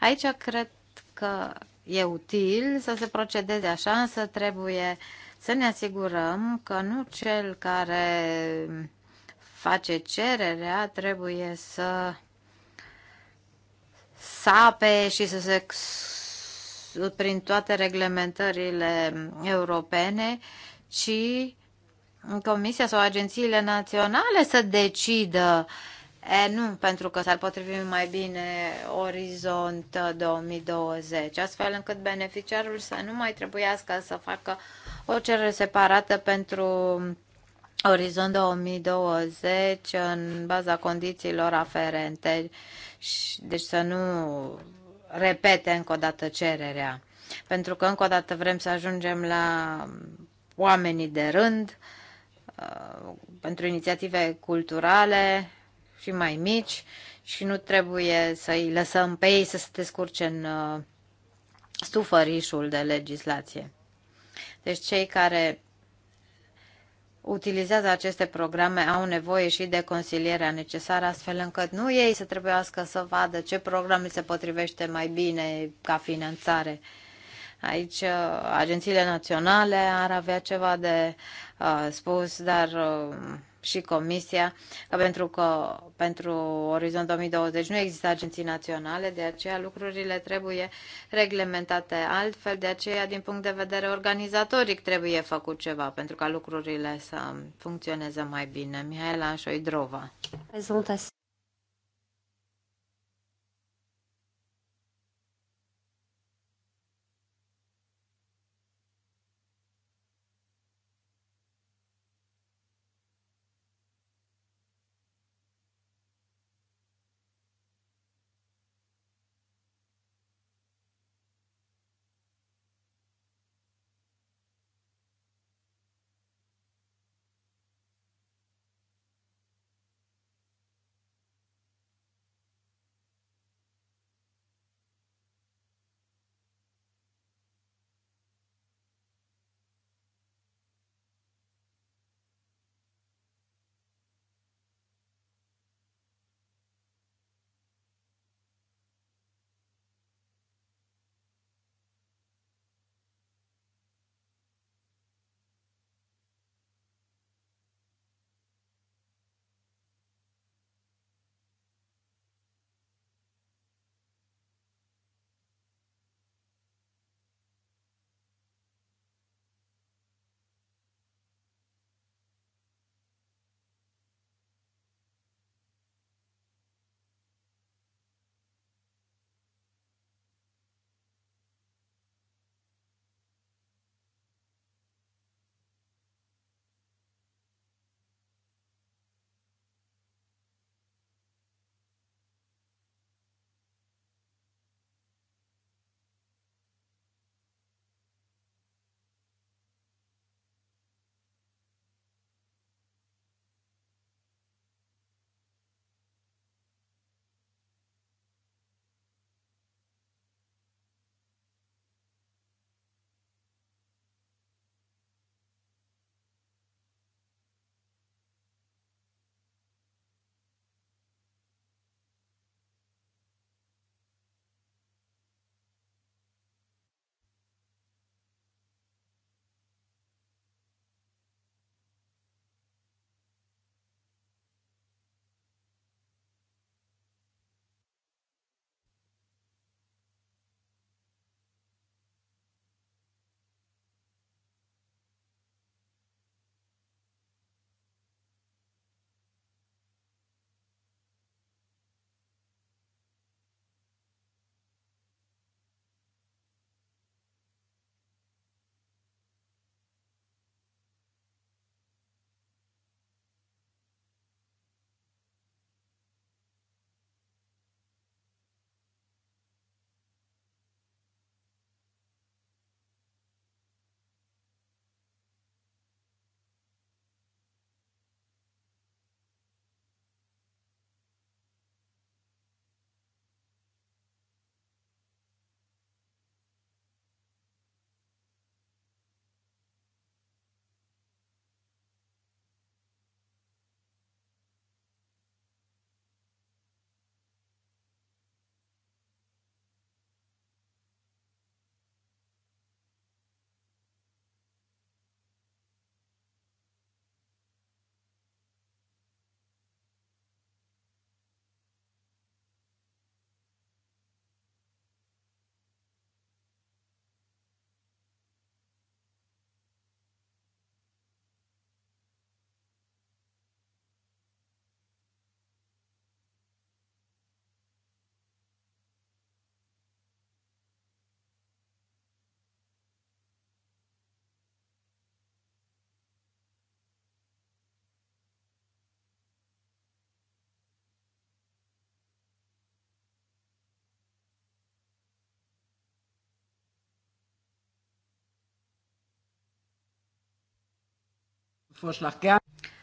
Aici cred că e util să se procedeze așa, însă trebuie să ne asigurăm că nu cel care face cererea trebuie să sape și să se prin toate reglementările europene, ci Comisia sau agențiile naționale să decidă E, nu, pentru că s-ar potrivi mai bine orizont 2020, uh, astfel încât beneficiarul să nu mai trebuiască să facă o cerere separată pentru orizont 2020 în baza condițiilor aferente, deci să nu repete încă o dată cererea. Pentru că încă o dată vrem să ajungem la oamenii de rând, uh, pentru inițiative culturale, și mai mici și nu trebuie să îi lăsăm pe ei să se descurce în uh, stufărișul de legislație. Deci cei care utilizează aceste programe au nevoie și de consilierea necesară, astfel încât nu ei să trebuiască să vadă ce program li se potrivește mai bine ca finanțare. Aici uh, agențiile naționale ar avea ceva de uh, spus, dar uh, și Comisia că pentru că pentru Orizont 2020 nu există agenții naționale, de aceea lucrurile trebuie reglementate altfel, de aceea din punct de vedere organizatoric trebuie făcut ceva pentru ca lucrurile să funcționeze mai bine. Mihaela Șoidrova.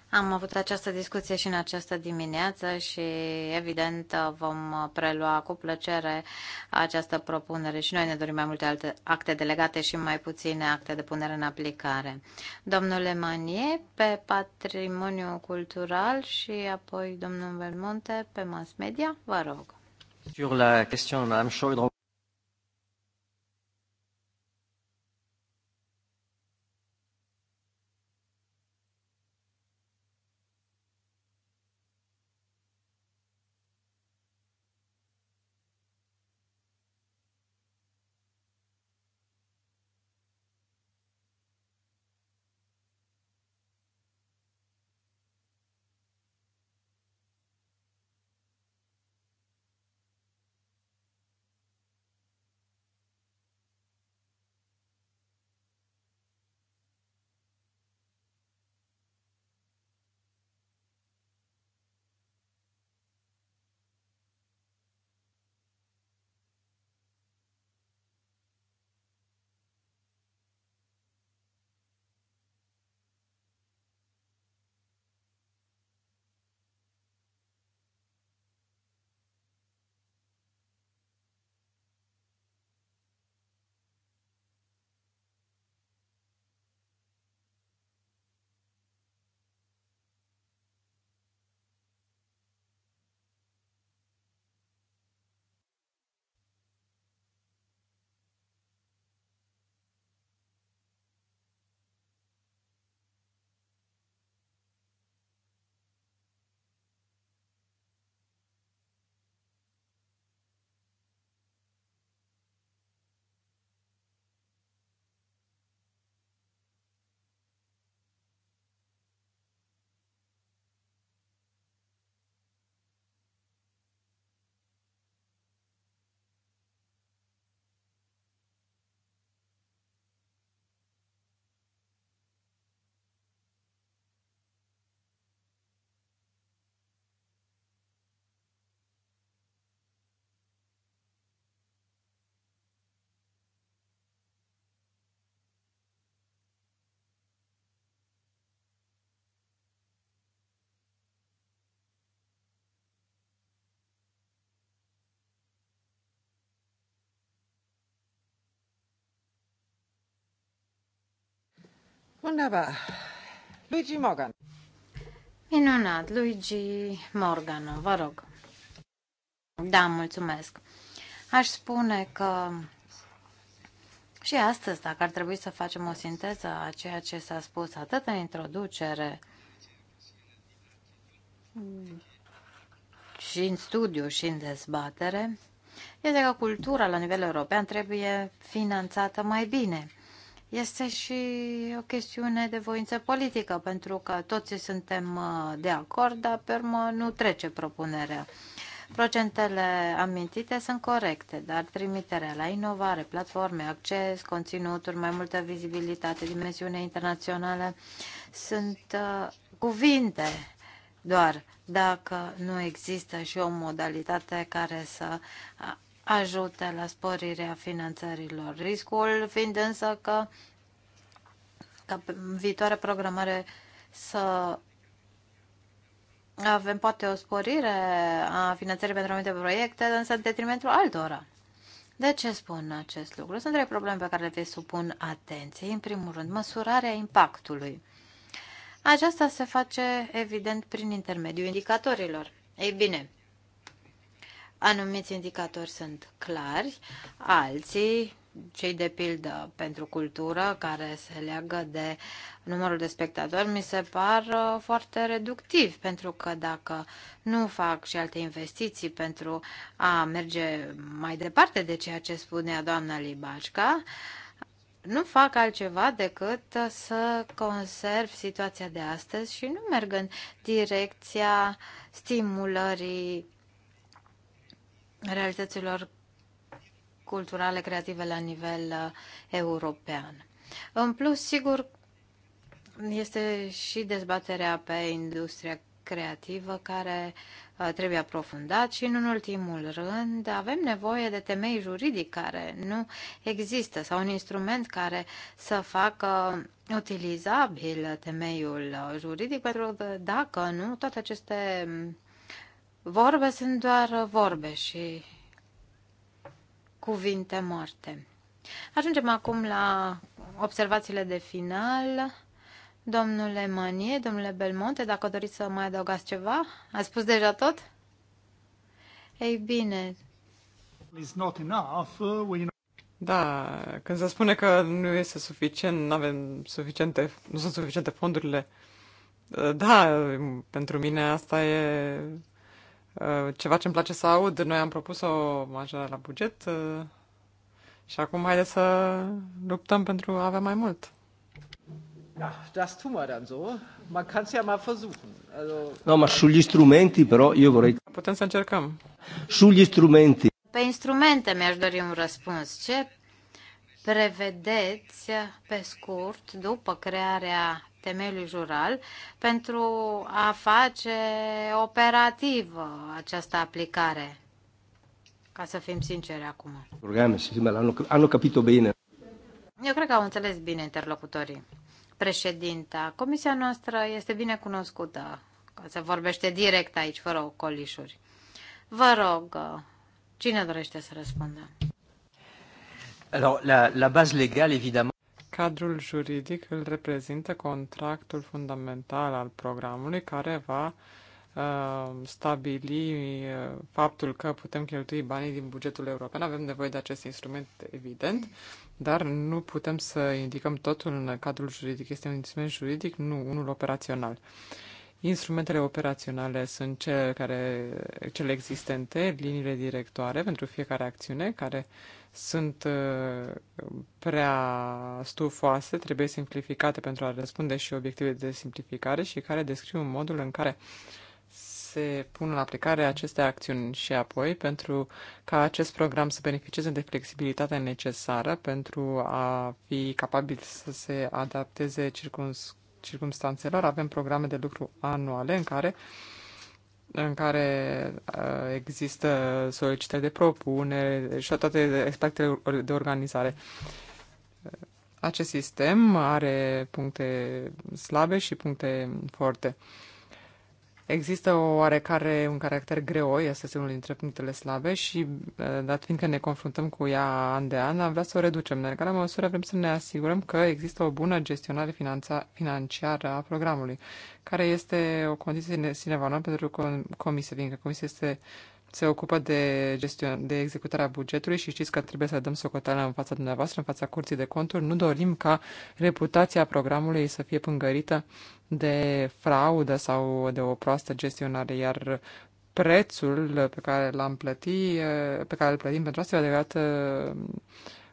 Am avut această discuție și în această dimineață și, evident, vom prelua cu plăcere această propunere și noi ne dorim mai multe alte acte delegate și mai puține acte de punere în aplicare. Domnule Manie, pe patrimoniu cultural și apoi domnul Belmonte pe mass media, vă rog. Sur la question, Undeva. Luigi Morgan. Minunat, Luigi Morgan, vă rog. Da, mulțumesc. Aș spune că și astăzi, dacă ar trebui să facem o sinteză a ceea ce s-a spus atât în introducere și în studiu și în dezbatere, este că cultura la nivel european trebuie finanțată mai bine. Este și o chestiune de voință politică, pentru că toți suntem uh, de acord, dar pe urmă nu trece propunerea. Procentele amintite sunt corecte, dar trimiterea la inovare, platforme, acces, conținuturi, mai multă vizibilitate, dimensiune internațională sunt uh, cuvinte doar dacă nu există și o modalitate care să ajută la sporirea finanțărilor. Riscul fiind însă că ca viitoarea programare să avem poate o sporire a finanțării pentru anumite proiecte, însă în detrimentul altora. De ce spun acest lucru? Sunt trei probleme pe care le vei supun atenție. În primul rând, măsurarea impactului. Aceasta se face, evident, prin intermediul indicatorilor. Ei bine, Anumiți indicatori sunt clari, alții, cei de pildă pentru cultură, care se leagă de numărul de spectatori, mi se par uh, foarte reductiv, pentru că dacă nu fac și alte investiții pentru a merge mai departe de ceea ce spunea doamna Libașca, nu fac altceva decât să conserv situația de astăzi și nu merg în direcția stimulării realităților culturale creative la nivel uh, european. În plus, sigur, este și dezbaterea pe industria creativă care uh, trebuie aprofundat și, în ultimul rând, avem nevoie de temei juridic care nu există sau un instrument care să facă utilizabil temeiul uh, juridic, pentru că dacă nu, toate aceste uh, Vorbe sunt doar vorbe și cuvinte moarte. Ajungem acum la observațiile de final. Domnule Manie, domnule Belmonte, dacă doriți să mai adăugați ceva, ați spus deja tot? Ei bine. Uh, da, când se spune că nu este suficient, nu avem suficiente, nu sunt suficiente fondurile, uh, da, pentru mine asta e Uh, ceva ce îmi place să aud. Noi am propus o majorare la buget uh, și acum haideți să luptăm pentru a avea mai mult. Da, das tun wir dann so. Man kann es ja mal versuchen. Also... No, ma sugli strumenti però io vorrei... Putem să încercăm. Sugli strumenti. Pe instrumente mi-aș dori un răspuns. Ce prevedeți pe scurt după crearea temeiului jural pentru a face operativă această aplicare. Ca să fim sinceri acum. hanno capito bine. Eu cred că au înțeles bine interlocutorii. Președinta, comisia noastră este bine cunoscută, că se vorbește direct aici, fără ocolișuri. Vă rog, cine dorește să răspundă? Alors, la, la base légale, évidemment, Cadrul juridic îl reprezintă contractul fundamental al programului care va uh, stabili uh, faptul că putem cheltui banii din bugetul european. Avem nevoie de acest instrument, evident, dar nu putem să indicăm totul în cadrul juridic. Este un instrument juridic, nu unul operațional. Instrumentele operaționale sunt cele, care, cele existente, liniile directoare pentru fiecare acțiune, care sunt uh, prea stufoase, trebuie simplificate pentru a răspunde și obiective de simplificare și care descriu modul în care se pun în aplicare aceste acțiuni și apoi pentru ca acest program să beneficieze de flexibilitatea necesară pentru a fi capabil să se adapteze circunscripției circumstanțelor. Avem programe de lucru anuale în care în care uh, există solicitări de propunere și toate aspectele de organizare. Acest sistem are puncte slabe și puncte forte. Există o oarecare, un caracter greoi, este unul dintre punctele slabe și, eh, dat fiindcă ne confruntăm cu ea an de an, am vrea să o reducem. În care măsură vrem să ne asigurăm că există o bună gestionare finanța, financiară a programului, care este o condiție sine qua non pentru comisie, fiindcă comisia este se ocupă de, gestion, de executarea bugetului și știți că trebuie să dăm socoteala în fața dumneavoastră, în fața curții de conturi. Nu dorim ca reputația programului să fie pângărită de fraudă sau de o proastă gestionare, iar prețul pe care l-am plătit, pe care îl plătim pentru asta, e adevărat uh,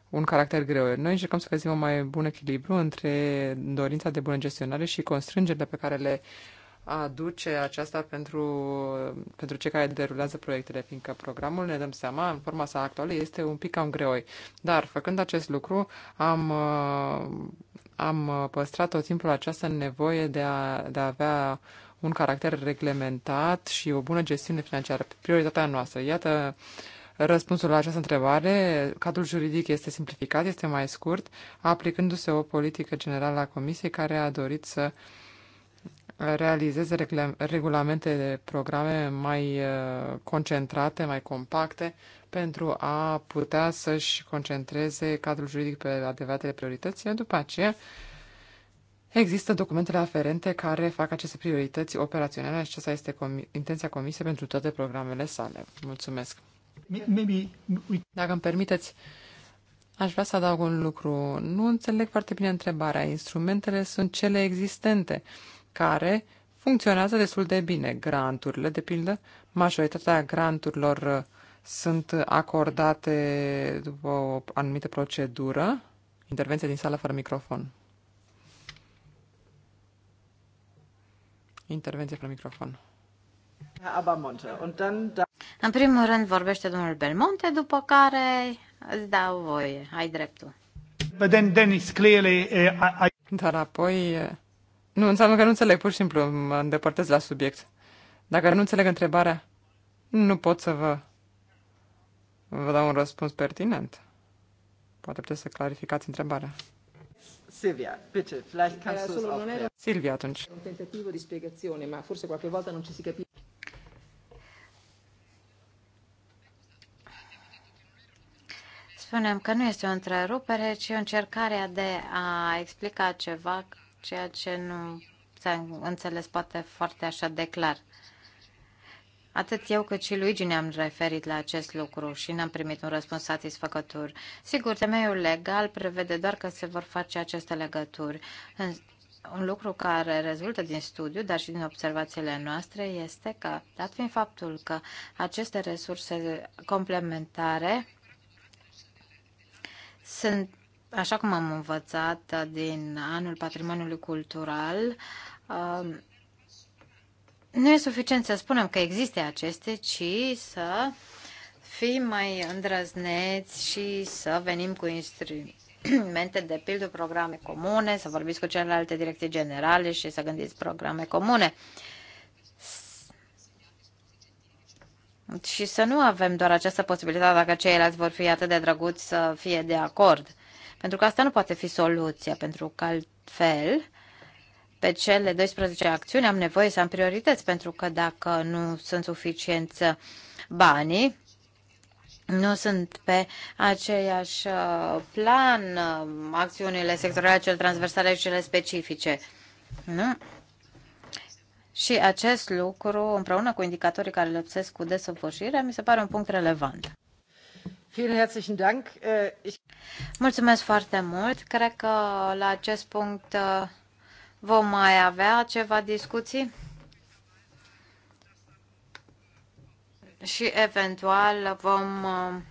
un caracter greu. Noi încercăm să găsim un mai bun echilibru între dorința de bună gestionare și constrângerile pe care le aduce aceasta pentru, pentru cei care derulează proiectele, fiindcă programul, ne dăm seama, în forma sa actuală, este un pic cam greoi. Dar, făcând acest lucru, am, uh, am uh, păstrat tot timpul această nevoie de a, de a avea un caracter reglementat și o bună gestiune financiară, prioritatea noastră. Iată răspunsul la această întrebare. Cadrul juridic este simplificat, este mai scurt, aplicându-se o politică generală a Comisiei care a dorit să uh, realizeze regulamente de programe mai uh, concentrate, mai compacte, pentru a putea să-și concentreze cadrul juridic pe adevăratele priorități. După aceea, există documentele aferente care fac aceste priorități operaționale și aceasta este com intenția Comisiei pentru toate programele sale. Mulțumesc! Dacă îmi permiteți, Aș vrea să adaug un lucru. Nu înțeleg foarte bine întrebarea. Instrumentele sunt cele existente care funcționează destul de bine. Granturile, de pildă, majoritatea granturilor uh, sunt acordate după o anumită procedură. Intervenție din sală fără microfon. Intervenție fără microfon. Da- În primul rând vorbește domnul Belmonte, după care îți dau voie, ai dreptul. But then, then it's clearly, uh, I... Dar apoi uh, nu, înseamnă că nu înțeleg, pur și simplu mă îndepărtez la subiect. Dacă nu înțeleg întrebarea, nu pot să vă, vă dau un răspuns pertinent. Poate puteți să clarificați întrebarea. Silvia, bitte, vielleicht kannst du es Silvia, atunci. Un tentativ de spiegazione, ma forse qualche volta non ci si capisce. Spuneam că nu este o întrerupere, ci o încercare de a explica ceva ceea ce nu s-a înțeles poate foarte așa de clar. Atât eu cât și Luigi ne-am referit la acest lucru și n-am primit un răspuns satisfăcător. Sigur, temeiul legal prevede doar că se vor face aceste legături. Un lucru care rezultă din studiu, dar și din observațiile noastre, este că, dat fiind faptul că aceste resurse complementare sunt așa cum am învățat din anul patrimoniului cultural, um, nu e suficient să spunem că există aceste, ci să fim mai îndrăzneți și să venim cu instrumente, de pildă programe comune, să vorbiți cu celelalte direcții generale și să gândiți programe comune. Și să nu avem doar această posibilitate dacă ceilalți vor fi atât de drăguți să fie de acord. Pentru că asta nu poate fi soluția, pentru că altfel pe cele 12 acțiuni am nevoie să am priorități, pentru că dacă nu sunt suficienți banii, nu sunt pe aceeași uh, plan uh, acțiunile sectoriale, cele transversale și cele specifice. Nu? Și acest lucru, împreună cu indicatorii care le cu desăvârșire, mi se pare un punct relevant. Äh, Mulțumesc foarte mult. Cred că la acest punct uh, vom mai avea ceva discuții și eventual vom uh,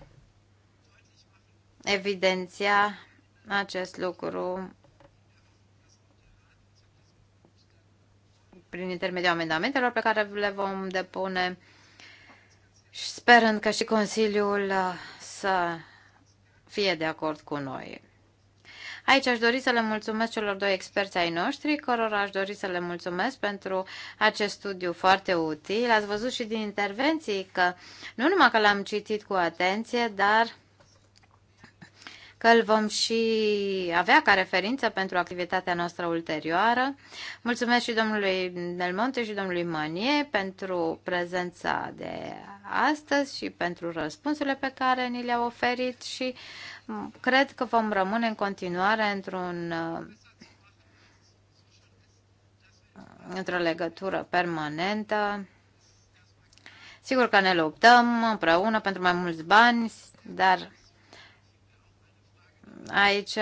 evidenția acest lucru prin intermediul amendamentelor pe care le vom depune și sperând că și Consiliul uh, să fie de acord cu noi. Aici aș dori să le mulțumesc celor doi experți ai noștri, cărora aș dori să le mulțumesc pentru acest studiu foarte util. Ați văzut și din intervenții că nu numai că l-am citit cu atenție, dar că îl vom și avea ca referință pentru activitatea noastră ulterioară. Mulțumesc și domnului Nelmonte și domnului Manie pentru prezența de astăzi și pentru răspunsurile pe care ni le au oferit și cred că vom rămâne în continuare într-un uh, într-o legătură permanentă. Sigur că ne luptăm împreună pentru mai mulți bani, dar aici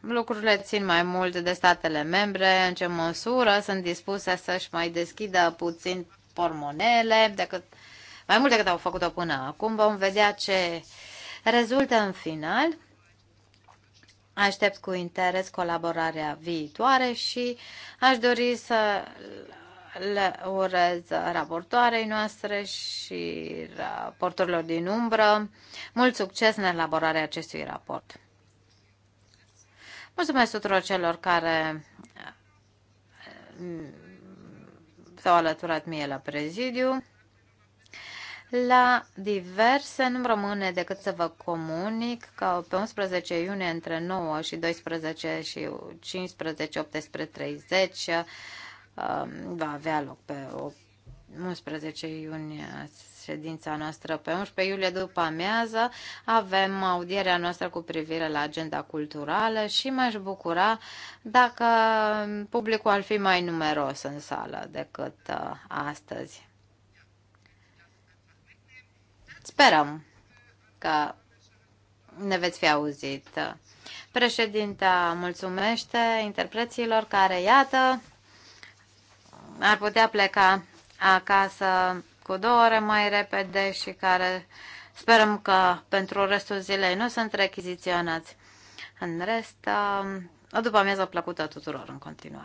lucrurile țin mai mult de statele membre, în ce măsură sunt dispuse să-și mai deschidă puțin pormonele decât mai mult decât au făcut-o până acum. Vom vedea ce rezultă în final. Aștept cu interes colaborarea viitoare și aș dori să le urez raportoarei noastre și raporturilor din umbră mult succes în elaborarea acestui raport. Mulțumesc tuturor celor care s-au alăturat mie la prezidiu. La diverse nu rămâne decât să vă comunic că pe 11 iunie între 9 și 12 și 15 18 30 va avea loc pe 11 iunie ședința noastră pe 11 iulie după amiază. Avem audierea noastră cu privire la agenda culturală și m-aș bucura dacă publicul ar fi mai numeros în sală decât uh, astăzi. Sperăm că ne veți fi auzit. Președinta mulțumește interpreților care, iată, ar putea pleca acasă cu două ore mai repede și care sperăm că pentru restul zilei nu sunt rechiziționați. În rest, o după amiază plăcută tuturor în continuare.